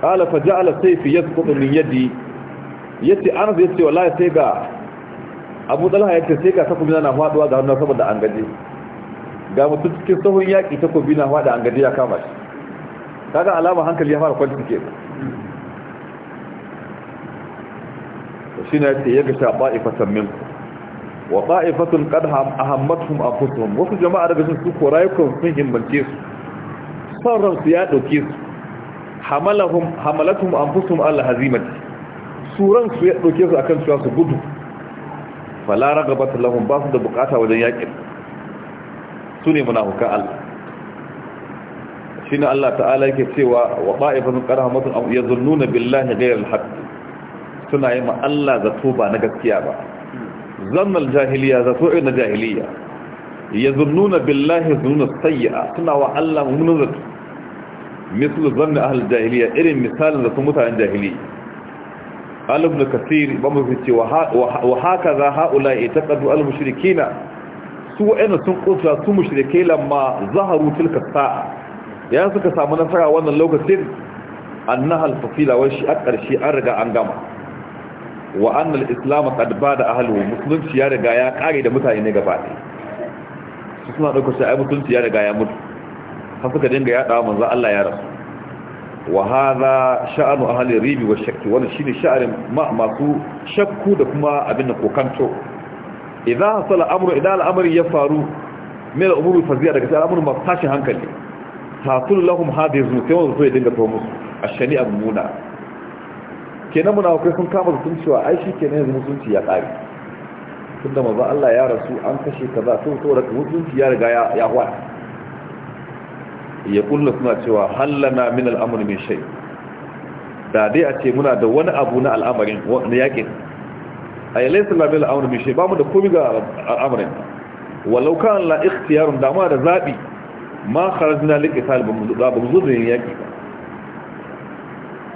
ƙala fa ja'ala saifi ya kuɗin min yadi ya ce anas ya ce wallahi sai ga abu dalha ya ce sai ga takobi na faɗuwa ga hannun saboda an gaje ga mutum cikin sahun yaƙi takobi na faɗa an gaje ya kama shi kaga alama hankali ya fara kwanci ke shi na ya ce ya ga shaɓa ifatan minku wa ta'ifatun qad ahammatuhum anfusuhum wasu jama'a daga cikin su rayukan sun himmance su sauran su ya dauke su hamalahum hamalatuhum anfusuhum alla hazimati suran su ya dauke su akan cewa su gudu fala ragabat lahum ba su da bukata wajen yakin su ne munafukan Allah shine Allah ta'ala yake cewa wa ta'ifatun qad ahammatuhum yazunnuna billahi ghayra al-haqq suna yi ma Allah zato ba na gaskiya ba zannar jahiliya zato irin na jahiliya ya zunnuna billahi zunnuna sayya suna wa Allah mummunan zato mislu zanna ahal jahiliya irin misalin zato mutanen jahiliya alif na kasir ba mu fi ce wa haka za haula ya taƙadu al-mushrikina su wa'ina sun kusa su mushrikai lamma zaharu tilka sa'a ya suka samu nasara wannan lokacin annahal fasila wai shi a ƙarshe an riga an gama wa annal islam qad bada ahlihi musulunci ya riga ya kare da mutane ne gaba ɗaya su suna dauka sai ai musulunci ya riga ya mutu har suka dinga yada manzo Allah ya rasu wa hadha sha'anu ahli ribi wa shakki wannan shine sha'arin ma masu shakku da kuma abin da kokanto idan hasala amru idan al'amari ya faru min al'umuri faziya daga sai al'amurin masu tashin hankali tasul lahum hadhihi zuwa sai wanda so ya dinga to shani ashani abuna kenan kai sun kama sun cewa ai shi kenan yanzu mutunci ya kare tunda manzo Allah ya rasu an kashe kaza to to da mutunci ya riga ya ya hwa ya kullu suna cewa hallana min al'amr min shay da dai a ce muna da wani abu na al'amarin na yakin ay laysa la bil amr min shay ba mu da komai ga al'amarin walau kan la ikhtiyarun da ma da zabi ma kharajna liqital bi mu da bu zurin ba.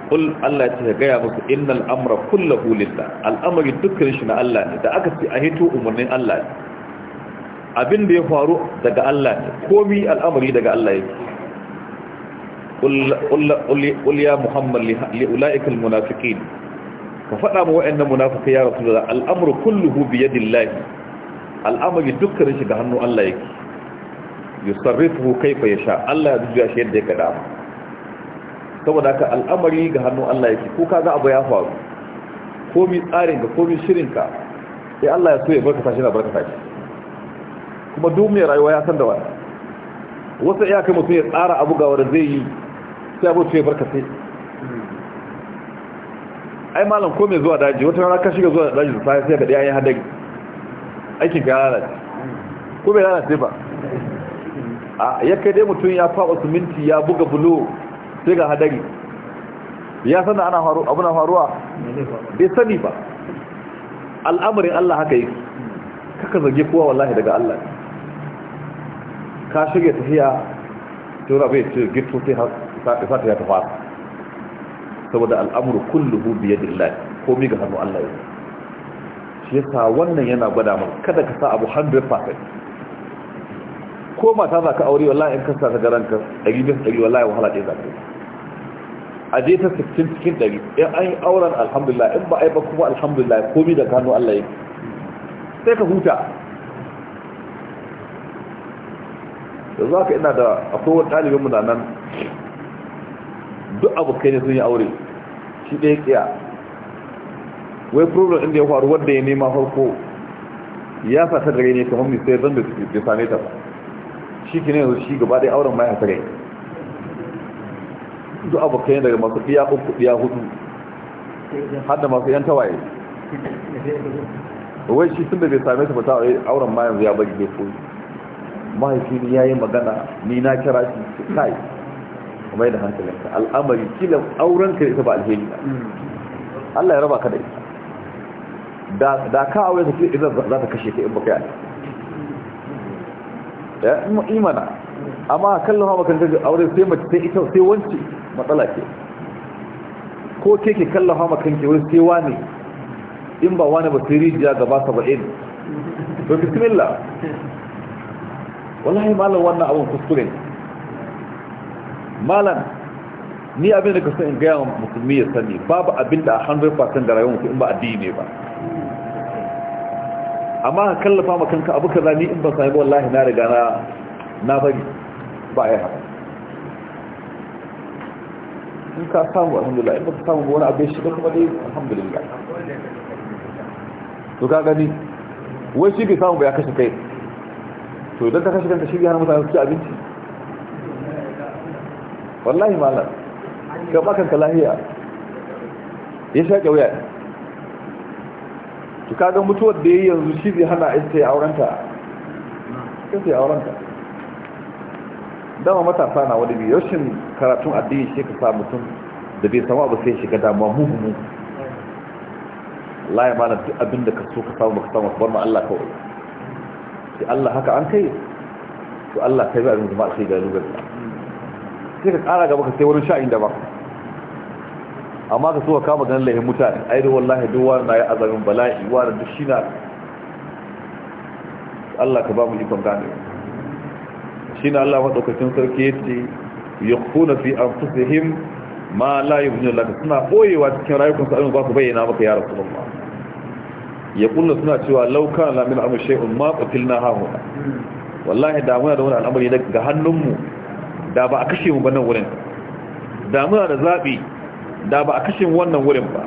kul Allah ce gaya musu innal amra kullahu lillah al'amari dukkan shi na Allah ne da aka ce a hito umarnin Allah ne abin da ya faru daga Allah ne komi al'amari daga Allah yake kul ya muhammad li ulaika al munafiqin ka fada mu wa'annan munafiqai ya rasulullah al'amru kulluhu bi yadillah al'amari dukkan shi da hannu Allah yake yusarrifu kayfa yasha Allah ya juya shi yadda ya kada saboda ka al'amari ga hannun Allah yake ko ka ga abu ya faru mi tsarin ka mi shirin ka sai Allah ya so ya barka shi na barka shi kuma duk mai rayuwa ya san da wani wasu kai mutum ya tsara abu ga wanda zai yi sai abu sai ai malam ko mai zuwa daji wata rana ka shiga zuwa daji da sai ka dai ayi hadari aikin ka lalace ko bai lalace ba a ya kai dai mutum ya faɓa minti ya buga bulo sai ga hadari ya sanda ana faru abu na faruwa bai sani ba al'amarin Allah haka yake kaka zage kowa wallahi daga Allah ka shirya tafiya tura bai ce gito sai ta ya tafa saboda al'amuru kulluhu ko mi ga hannu Allah yake shi yasa wannan yana gwada maka kada ka sa abu 100% ko mata za ka aure wallahi in ka sa ta garanka 100% wallahi wahala ɗaya za ka yi a je ta 60 cikin 100 in an yi auren alhamdulillah in ba a yi ba kuma alhamdulillah komi da gano Allah yi. sai ka huta da za ka ina da akwai wani ɗalibinmu na nan duk abokai ne sun yi aure shi ɗaya ƙiya wai problem inda ya faru wadda ya nema farko ya fata da rai ne kamar mai sai zan da suke same ta shi ke ne yanzu shi gaba ɗaya auren ma ya fata rai duk abokai daga masu ɗiya uku ɗiya hudu hada masu 'yan tawaye wai shi tun da bai same su ba ta auren ma yanzu ya bari bai koyi mahaifi ne ya yi magana ni na kira shi su kai kuma da hankalinka al'amari kila auren ka ita ba alheri ba, Allah ya raba ka da ita da ka aure ta kila idan za ta kashe ka in baka yi ya imana amma kallon hawa kan aure sai mace sai ita sai wance matsala ce ko ke ke kallafa ma ke, wani sai wani in ba wani ba sai rijiya gaba saba'in to bismillah wallahi malam wannan abin kuskure malam ni abin da ka san in gaya musulmi ya sani babu abin da a 100% da rayuwar mutu in ba addini ne ba amma ka kallafa ma kanka abu kaza ni in ba sami wallahi na riga na na bari ba a yi haka in ka samu alhamdulillah in ka samu wani abu shiga kuma dai alhamdulillah to ka gani wai shi bai samu ba ya kashe kai to idan ka kashe kanka shi hana mutane su ci abinci wallahi malam ka ba kanka lahiya ya sha shaƙe ya to kaga mutuwar da ya yi yanzu shi zai hana ita ya aurenta ita ya aurenta dama matasa na wani biyu yaushe karatun addini shi ka sa mutum da bai samu abu sai shiga damuwa muhimmi laye ma na duk abin da ka so ka samu ka samu bar Allah kawai sai Allah haka an kai to Allah kai bi abin da ba sai ga lugar sai ka kara gaba ka sai wani sha'in da ba amma ka so ka kama ganin lahin mutane ai da wallahi duk wani yi azamin bala'i wani duk shi na Allah ka ba mu ikon ganewa shine Allah madaukakin sarki yace yakhuna fi anfusihim ma la yubnu lak suna boyewa cikin rayukansu abin ba ku bayyana maka ya rasulullah ya kulla suna cewa law kana la min amr shay'un ma qatilna ha huna wallahi da muna da wani al'amari ga hannunmu da ba a kashe mu ba nan wurin da muna da zabi da ba a kashe mu wannan wurin ba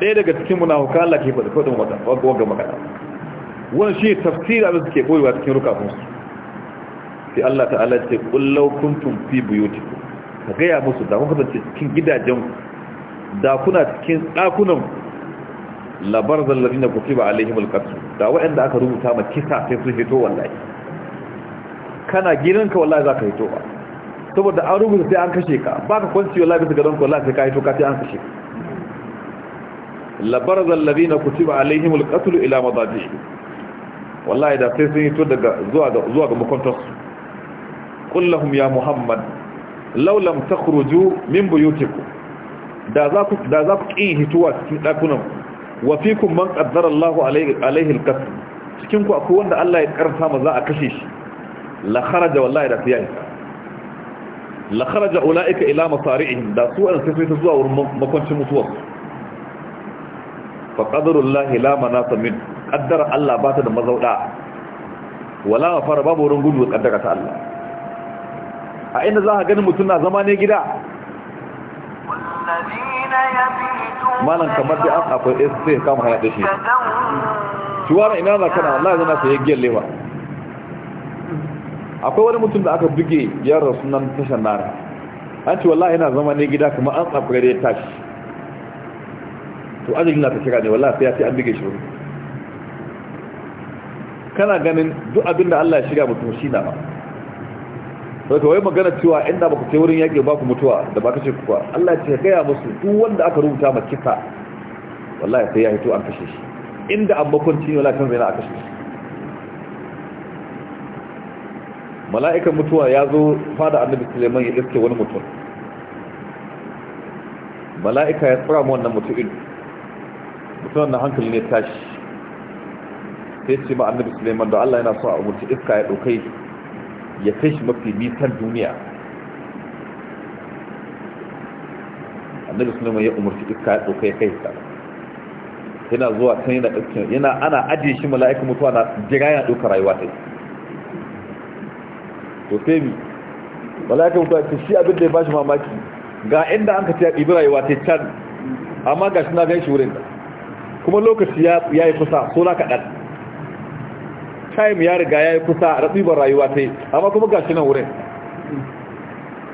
ɗaya daga cikin munafuka Allah ke faɗi faɗin wata wagga magana wannan shi tafsira da suke boyewa cikin su. sai Allah ta'ala ce kullau kuntum fi buyutikum ka gaya musu da kuka zance cikin gidajen da kuna cikin dakunan labar zallabi na kutiba alaihim alqatl da waɗanda aka rubuta ma kisa sai su hito wallahi kana gidanka wallahi zaka hito ba saboda an rubuta sai an kashe ka baka kwanci wallahi bisa gadon ka wallahi sai ka hito ka sai an kashe ka labar zallabi na kutiba alaihim alqatl ila madajihi wallahi da sai sun hito daga zuwa ga zuwa ga makwantarsu qul lahum ya muhammad law lam takhruju min buyutikum da za ku da za ku kin hituwa cikin dakunan wa fikum man qaddara Allahu alayhi alqatl akwai wanda Allah ya karfa ma za a kashe shi la kharaja wallahi da fiya la kharaja ulaika ila masari'ihim da su an sai su zuwa wurin makwancin mutuwa fa qadarullahi la manasa min Allah da wala fara babu wurin gudu ta Allah a inda za ka gani mutum na zama ne gida malam kamar da an akwai ɗaya sai kama haya da shi shi wani ina za kana Allah zana sai ya giyar lewa akwai wani mutum da aka buge yara sunan tashar nara an ce wallahi yana zama ne gida kuma an tsafi gare ya tashi to ajiyar na ta kira ne wallahi sai ya ce an buge shi kana ganin duk abin da Allah ya shiga mutum shi na ba sai kawai magana cewa inda baka ce wurin yaƙi ba ku mutuwa da ba ka ce kuwa Allah ce gaya musu duk wanda aka rubuta ma kisa wallahi sai ya hito an kashe shi inda an bakwanci ne wala kan zaina a kashe shi mala'ikan mutuwa ya zo fada annabi Suleiman ya iske wani mutum mala'ika ya tsara mu wannan mutum ido mutum na hankali ne tashi sai ce ma annabi Suleiman da Allah yana so a mutu iska ya ɗaukai ya kai shi mafi nisan duniya annabi sulaiman ya umarci iska ya ɗauka ya kai sa yana zuwa can yana ɗauki yana ana ajiye shi mala'ika mutuwa na jira yana ɗauka rayuwa ta to sai mi mala'ikan mutuwa ta shi abin da ya bashi mamaki ga inda an ka ta ɗibi rayuwa ta can amma ga shi na gan shi wurin kuma lokaci ya yi kusa so na kaɗan time ya riga ya yi kusa a ratsibar rayuwa ta yi amma kuma ga shi nan wurin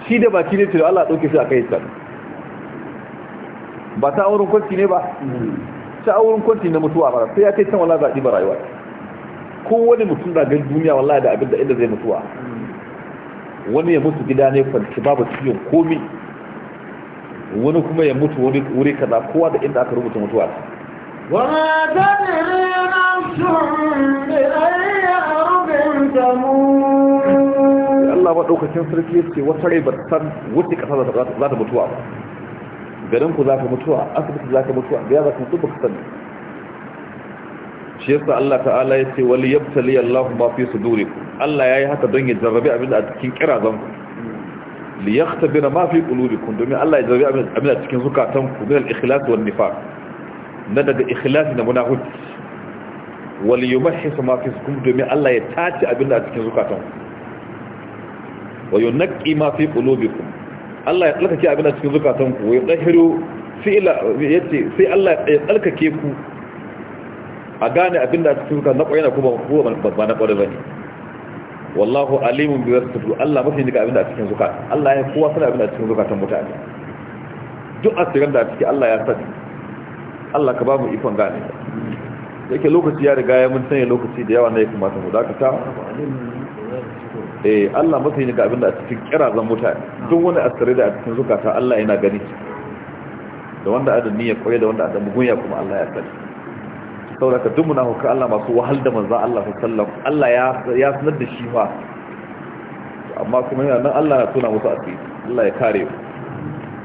shi da baki ne cire, Allah ɗauke shi a kai can ba ta wurin kwanci ne ba ta wurin kwanci na mutuwa ba sai ya kai can wala za ba rayuwa ko wani mutum da gan duniya wala da abin da inda zai mutuwa wani ya mutu gida ne kwanci babu ciwon komi wani kuma ya mutu wuri kaza kowa da inda aka rubuta mutuwa ta وما تدري نفس بأي أرض تموت الله وتوخي سنسركي في وصري برسان وتك هذا ذات متوع قرنك ذاك متوع أثبت ذاك متوع بهذا كنتبك سن شيسا الله تعالى يسي وليبتلي الله ما في صدوركم الله يا هذا دون يجربي أبنى أدكين كرا ذنكم ليختبر ما في قلوبكم دمي الله يجربي أبنى أدكين زكاتنكم من الإخلاص والنفاق na daga ikhlasi da munafiki wal yumahhis ma fi sukum domin Allah ya tace abinda a cikin zukatan wa yunqi ma fi qulubikum Allah ya tsalkake abinda a cikin zukatan ku ya dahiru ila yace sai Allah ya tsalkake ku a gane abinda a cikin zukatan na koyana kuma ko ba na kware bane wallahu alimun bi wasfudu Allah mafi nika abinda a cikin zukatan Allah ya kowa sana abinda a cikin zukatan mutane duk asirin da a ciki Allah ya sani Allah ka ba mu ikon gane yake lokaci ya riga ya mun sanya lokaci da yawa na ya kamata mu dakata eh Allah masa yi ga abinda a cikin zan muta duk wani asare da a cikin zukata Allah yana gani da wanda adam niyya koyi da wanda adam gunya kuma Allah ya sani saboda ka duk muna hukka Allah masu wahal da manzo Allah sallallahu Allah ya ya sanar da shi fa amma kuma yana nan Allah ya tuna musu asiri Allah ya kare mu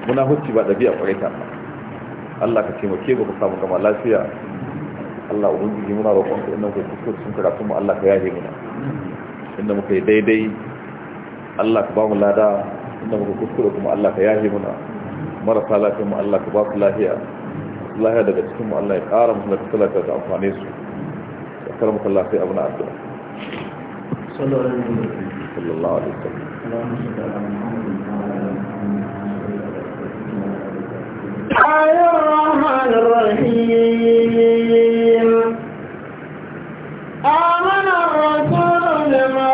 muna hucci ba dabi'a ta ba Allah ka taimake mu ka samu gama lafiya Allah ubangiji muna roƙon ka inda muka kuskure sun karatu mu Allah ka yaje muna inda muka yi daidai Allah ka ba mu lada inda muka kuskure kuma Allah ka yaje muna marasa lafiya mu Allah ka ba su lafiya lafiya daga cikin mu Allah ya ƙara mu da talaka ka amfane su ya karmu kallah sai abu na addu'a sallallahu alaihi wasallam الرحمن الرحيم آمن الرسول لما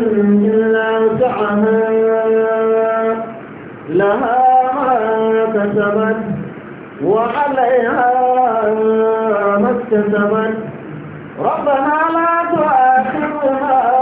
إلا سعها لها ما كسبت وعليها ما اكتسبت ربنا لا تؤاخذنا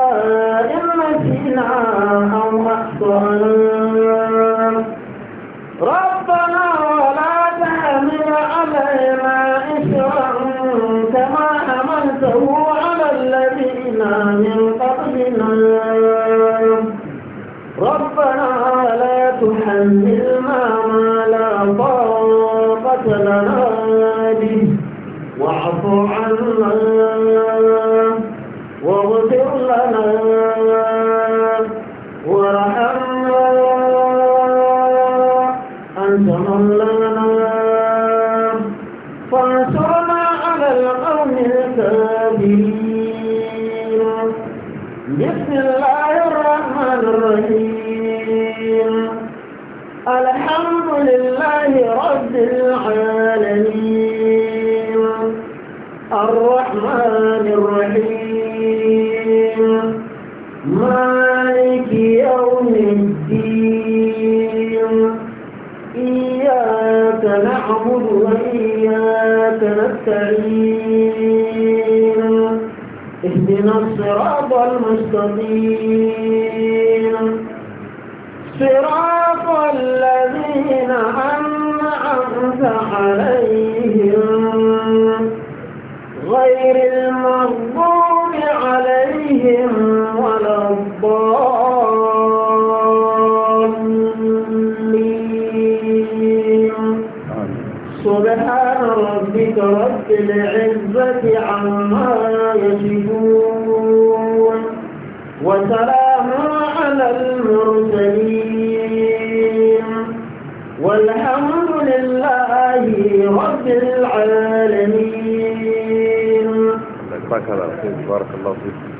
صديق lovely